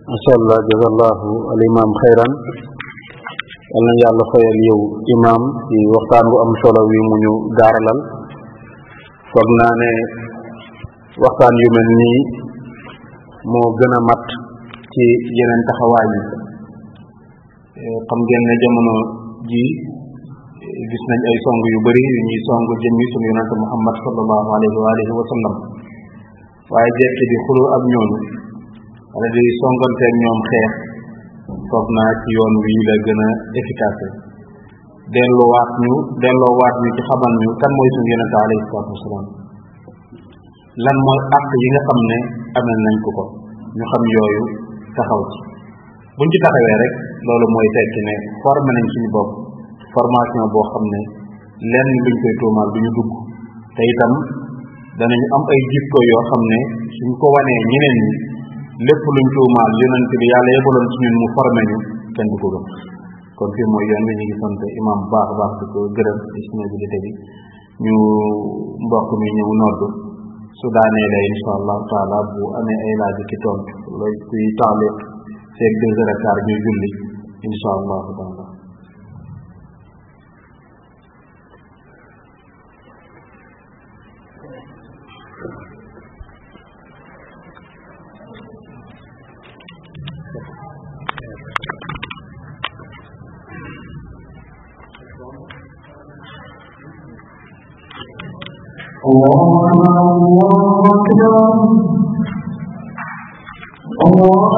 macha allah jazaallaahu al imam xayran yal yàlla fayal yow imam ci waxtaan bu am solo wi mu ñu gaaralal foog naa ne waxtaan yu mel nii moo gën a mat ci yeneen taxawaay yi xam ngeen ne jamono ji gis nañ ay song yu bëri yu ñuy song jëmmi suñu yonente muhammad sallallahu alayhi wa alihi wa sallam waaye di xulu ak ñooñu wala di songanteeg ñoom xeex foog naa ci yoon wi la gën a efficace delloowaat ñu delloowaat ñu ci xamal ñu kan mooy suñu yonente alayhi salaatu wasalaam lan mooy àq yi nga xam ne amel nañ ko ko ñu xam yooyu taxaw ci buñ ci taxawee rek loolu mooy tekki ne formé nañ suñu bopp formation boo xam ne lenn luñ koy tuumaal du dugg te itam danañu am ay jikko yoo xam ne suñ ko wanee ñeneen yi lépp luñ tuumaal yonent bi yàlla yebaloon ci ñun mu formé ñu kenn du ko gën kon fii mooy yoon bi ñu ngi sant imam baax baax di ko gërëm ci disponibilité bi ñu mbokk mi ñëw noddu su daanee la insha allahu taala bu amee ay laaj ki tontu looy kuy taaliq feeg deux heures et quart ñu julli insha allahu taala الله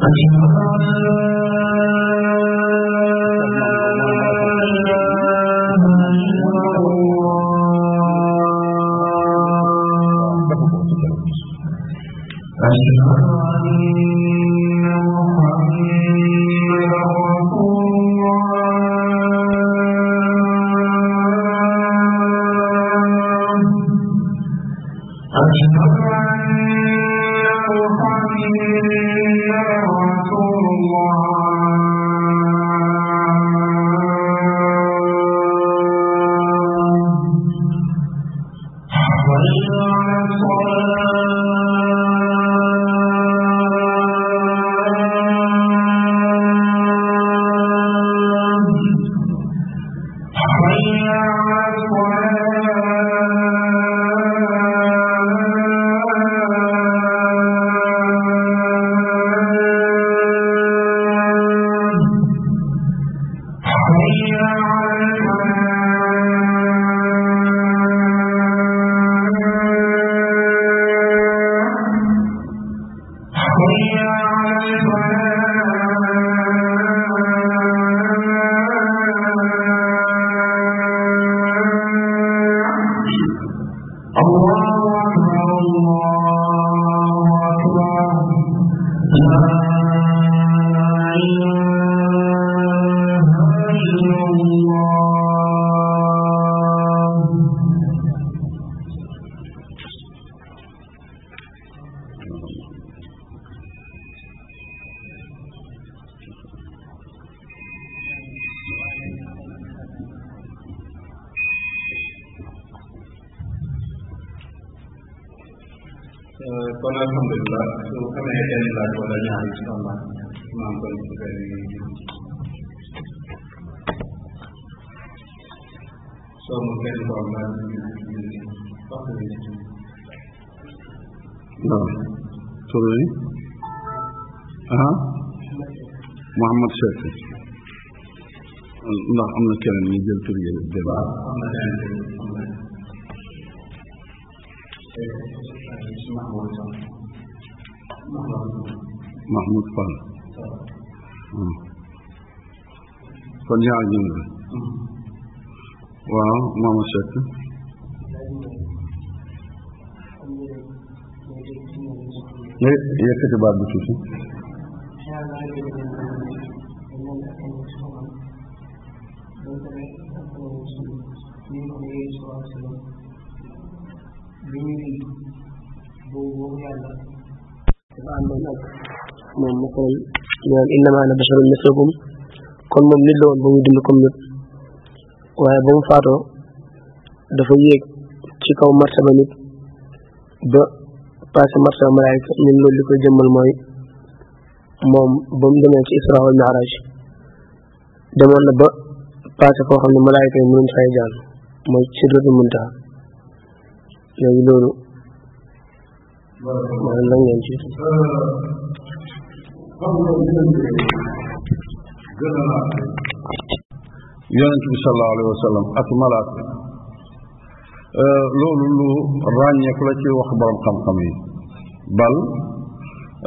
Thank you. laaj wala ñaar incha allah maa ngi koy soo mu kenn ko laaj wax waaw tur yi ah Mouhamed Cheikh ndax am na keneen ñu jël tur yi dégg nga Mahmoud Fall hmm. kon ñaar ñu ngi waaw Mama Seck eh, yëkkati baat bi tuuti basharun mislakum ñoom innama ana basharun mislakum kon moom nit la ba muy dund comme nit waaye ba mu faatoo dafa yéeg ci kaw martaba nit ba passé martaba malaayika ñun loolu li koy jëmmal mooy moom ba mu demee ci isra wal mi'raj demoon na ba passé foo xam ne malaayika yi mënuñ fay jàll mooy sidratul ci. yonent bi sallallahu alayhi wa sallam ak malaaka euh, loolu lu ràññeeku la ci wax borom xam-xam yi bal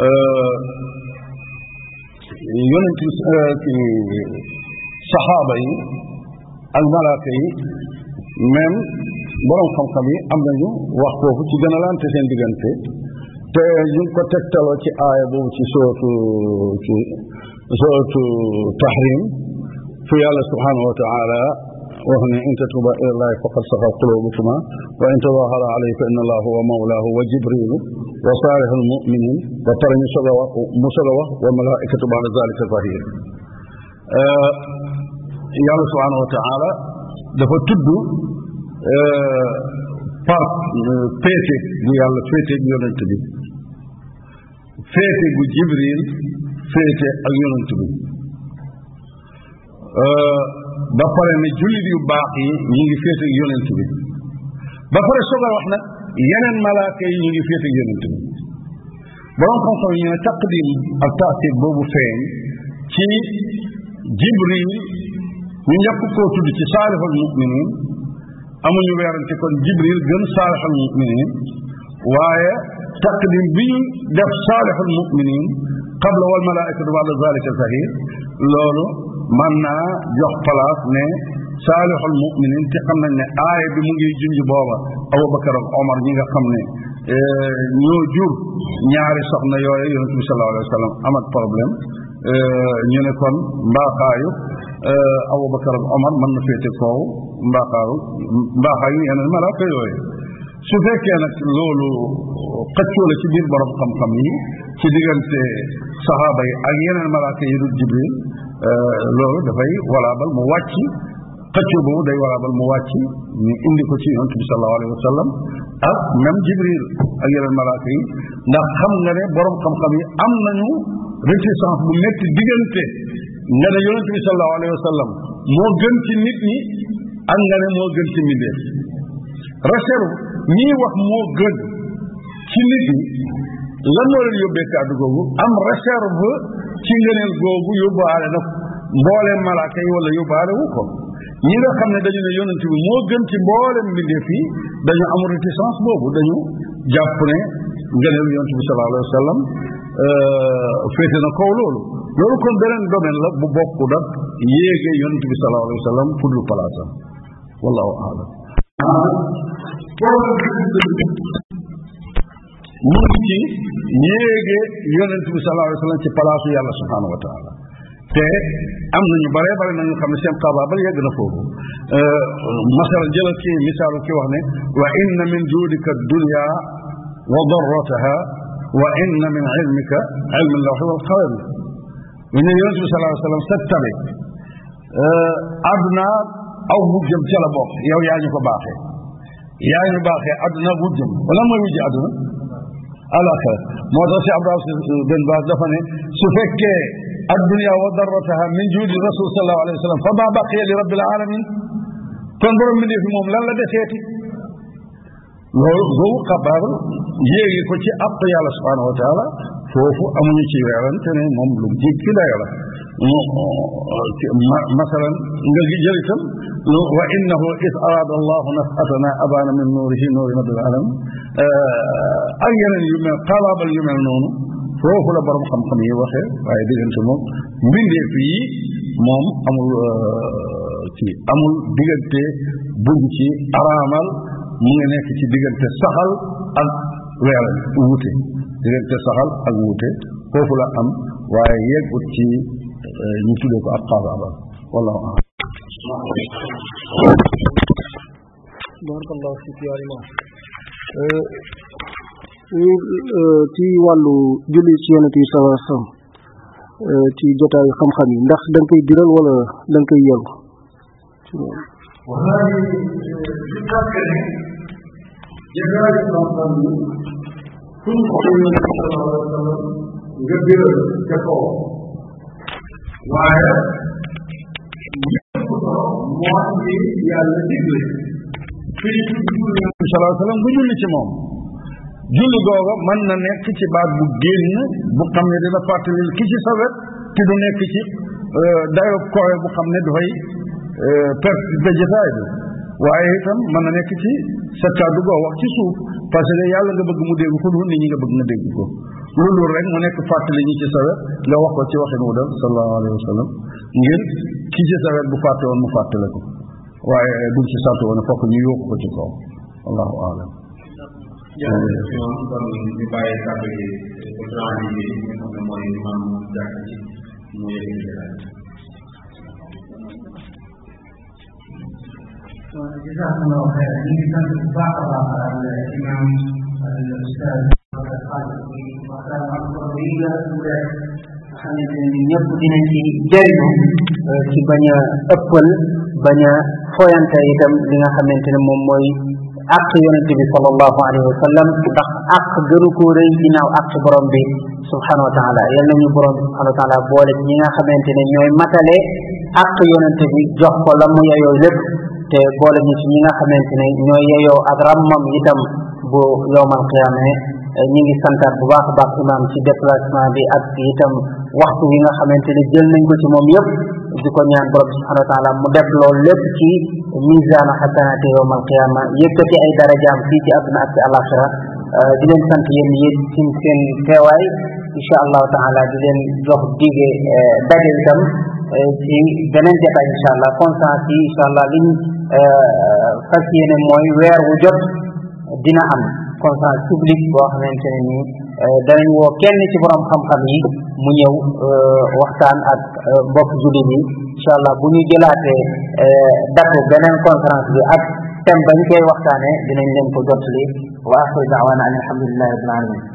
euh, yonent ci euh, saxaaba yi ak malaaka yi même borom xam-xam yi am nañu wax foofu ci gën a lante seen diggante te ñu ngi ko tegtaloo ci aaya boobu ci sootu ci sootu tahrim fu yàlla subhanahu wa taala wax ne in tatuba ilallahi faqad saxat qulubukuma wa in tadahara alayhi fa inna allah huwa mawlahu wa jibrilu wa saalihul muminin ba pare ñu soog a wax mu soog a wax wa malaikatu ba'da zalika zahir eh, yàlla subhanahu wa taala dafa tudd eh, par féete eh, bu yàlla féete yonent bi féete gu jibril féete ak yonent bi euh, ba pare ne jullit yu baax yi ñu ngi féete ak yonent bi ba pare soog a wax nag yeneen malaaka yi ñu ngi féete ak yonent bi borom xam-xam yi ñu ne taqdim ak taasir boobu feeñ ci jibril ñu ñàkk koo tudd ci saalixul muminin amuñu weerante kon jibril gën saalixul muminin waaye taqdim bi ñu def saalixul muminin qabla wal malaikatu ba'da zalika zahir loolu mën naa jox place ne saalixul muminin ci xam nañ ne aaya bi mu ngi junj booba Abubakar ak Omar ñi nga xam ne eh, ñoo jur ñaari soxna yooyu yonente bi sallallahu alayhi wa sallam amat problème eh, ñu ne kon mbaaxaayu eh, Abubakar ak Omar mën na féete kaw mbaaxaayu mbaaxaayu yeneen malaaka yooyu su fekkee nag loolu xëccoo la ci biir borom xam-xam ci diggante saxaaba yi ak yeneen malaaka yi dul jibril euh, loolu dafay walaabal mu wàcc xëccoo boobu day walaabal mu wàcc ñu indi ko ci yonent bi sallallahu alayhi wa ak même jibril ak yeneen malaaka xam nga ne borom xam yi am nañu réticence bu métti diggante nga ne yonent bi sallallahu alayhi wa sallam moo gën ci nit ñi ak nga gën ci ñii wax moo gën ci nit ñi lan moo leen yóbbee kàddu googu am réserve ci ngeneel googu yóbbaale na mbooleem malaaka yi wala yóbbaale wu ko ñi nga xam ne dañu ne yonent bi moo gën ci mbooleem mbindeef yi dañu am réticence boobu dañu jàpp ne ngeneel yonent bi sallallahu alayhi wa sallam euh, na kaw loolu loolu beneen domaine la bu bokku nag yéege yonent bi sallallahu alayhi pour lu palaasam wallahu aalam mu ngi ci yéege yonent bi sallallahu alayhi wa sallam ci palaasu yàlla subhaanahu wa taala te am nañu bare bare nañu xam ne seen xaabaabal yegg na foofu masala jëlal ci misaalu ki wax ne wa inna min juudika dunya wa darrataha wa inna min ilmika ilmi lawxi wal qalam ñu ne yonent bi sallallahu alayhi wa sallam sa tabe àdduna aw mujjam ca la bokk yow yaa ñu ko baaxee yaa ñu baaxee àdduna ak mujjam wala mooy mujj àdduna alaxira moo tax si Abdou Ben Baas dafa ne su fekkee addunya wa darrataha min juudi rasul sallallahu alayhi wa sallam fa maa baqiya li rabbil alamin kon borom bi fi moom lan la deseeti loolu loolu xabaar yéegi ko ci àq yàlla subhanahu wa taala foofu amuñu ci weerante ne moom lu jéggi dayo la mu masalan nga gi jël itam wa innahu is araada allahu nasatana abaana min nuurihi nuuri nabil alam eh, ak yeneen yu mel xalaabal yu mel noonu foofu la borom xam-xam yi waxee waaye diggante moom mbindeef yi moom amul eh, ci amul diggante buñ ci araamal mu ngi nekk ci diggante saxal ak weeral wute di leen te saxal ak wuute foofu la am waaye yeggut ci euh, ñu tuddee ko ab xaaba abal wallahu alam barakallahu fi yaa imaam euh, euh, ci wàllu ci yonent yi sallallahu alayhi wasallam ci jotaayu xam yi ndax da nga koy wala da nga koy yelu suñu xol yi sallallahu alayhi wa sallam nga biral ca kaw waaye ñëpp solo mooy li yàlla digle fii julli sallallahu alayhi wa sallam nga julli ci moom julli googa mën na nekk ci baat bu génn bu xam ne dina fàttalil ki ci sa wet te du nekk ci dayo kowe bu xam ne dafay perte de jotaay bi waaye itam mën na nekk ci sa kàddu goo wax ci suuf parce que yàlla nga bëgg mu dégg ko du nit ñi nga bëgg nga dégg ko lu dul rek mu nekk fàttali ñi ci sawet nga wax ko ci waxin wu dem sallallahu alayhi wa sallam ki ci bu fàtte woon mu fàttale ko waaye eh, buñ ci sant woon fokk ñu yóbbu ko ci kaw allahu alam ñu bàyyi جزاكم الله خيرا عندي كان بعض الامام الاستاذ وكان القضيه الاولى ñëpp dinañ ci jëriñu ci bañ a ëppal bañ a foyante itam li nga xamante ne moom mooy àq yonent bi sallallahu alayhi wa sallam ndax àq gënu koo rëy ginnaaw àq borom bi subhanahu wa taala yal nañu borom bi subhanahu wa taala boole ñi nga xamante ne ñooy matale àq yonent bi jox ko la mu yeyoo lépp te boole ñu ci ñi nga xamante ne ñooy yeyoo ak ràmmam itam bu yowmal qiyaame ñi ngi santaat bu baax a baax imaam ci déplacement bi ak itam waxtu wi nga xamante ne jël nañ ko ci moom yëpp di ko ñaan borom bi subhanahu wa taala mu def loolu lépp ci misaana xasanaati yowmal qiyaama yëkkati ay darajaam fii ci àdduna ak ci alaxira euh, di leen sant yéen yéen ci seen teewaay incha allahu taala di leen jox dige euh, daje itam ci beneen jotaay incha allah conférence yi incha allah liñ euh, fas yéene mooy weer wu jot dina am conférence publique boo xamante ne nii euh, danañ woo kenn ci borom xam-xam yi mu ñëw euh, waxtaan ak mbokk jullit yi incha allah bu ñu jëlaatee datu beneen constance bi ak thème bañ koy waxtaanee dinañ leen ko jot li wa axiru daawaana an alhamdulilahi rabbil alamin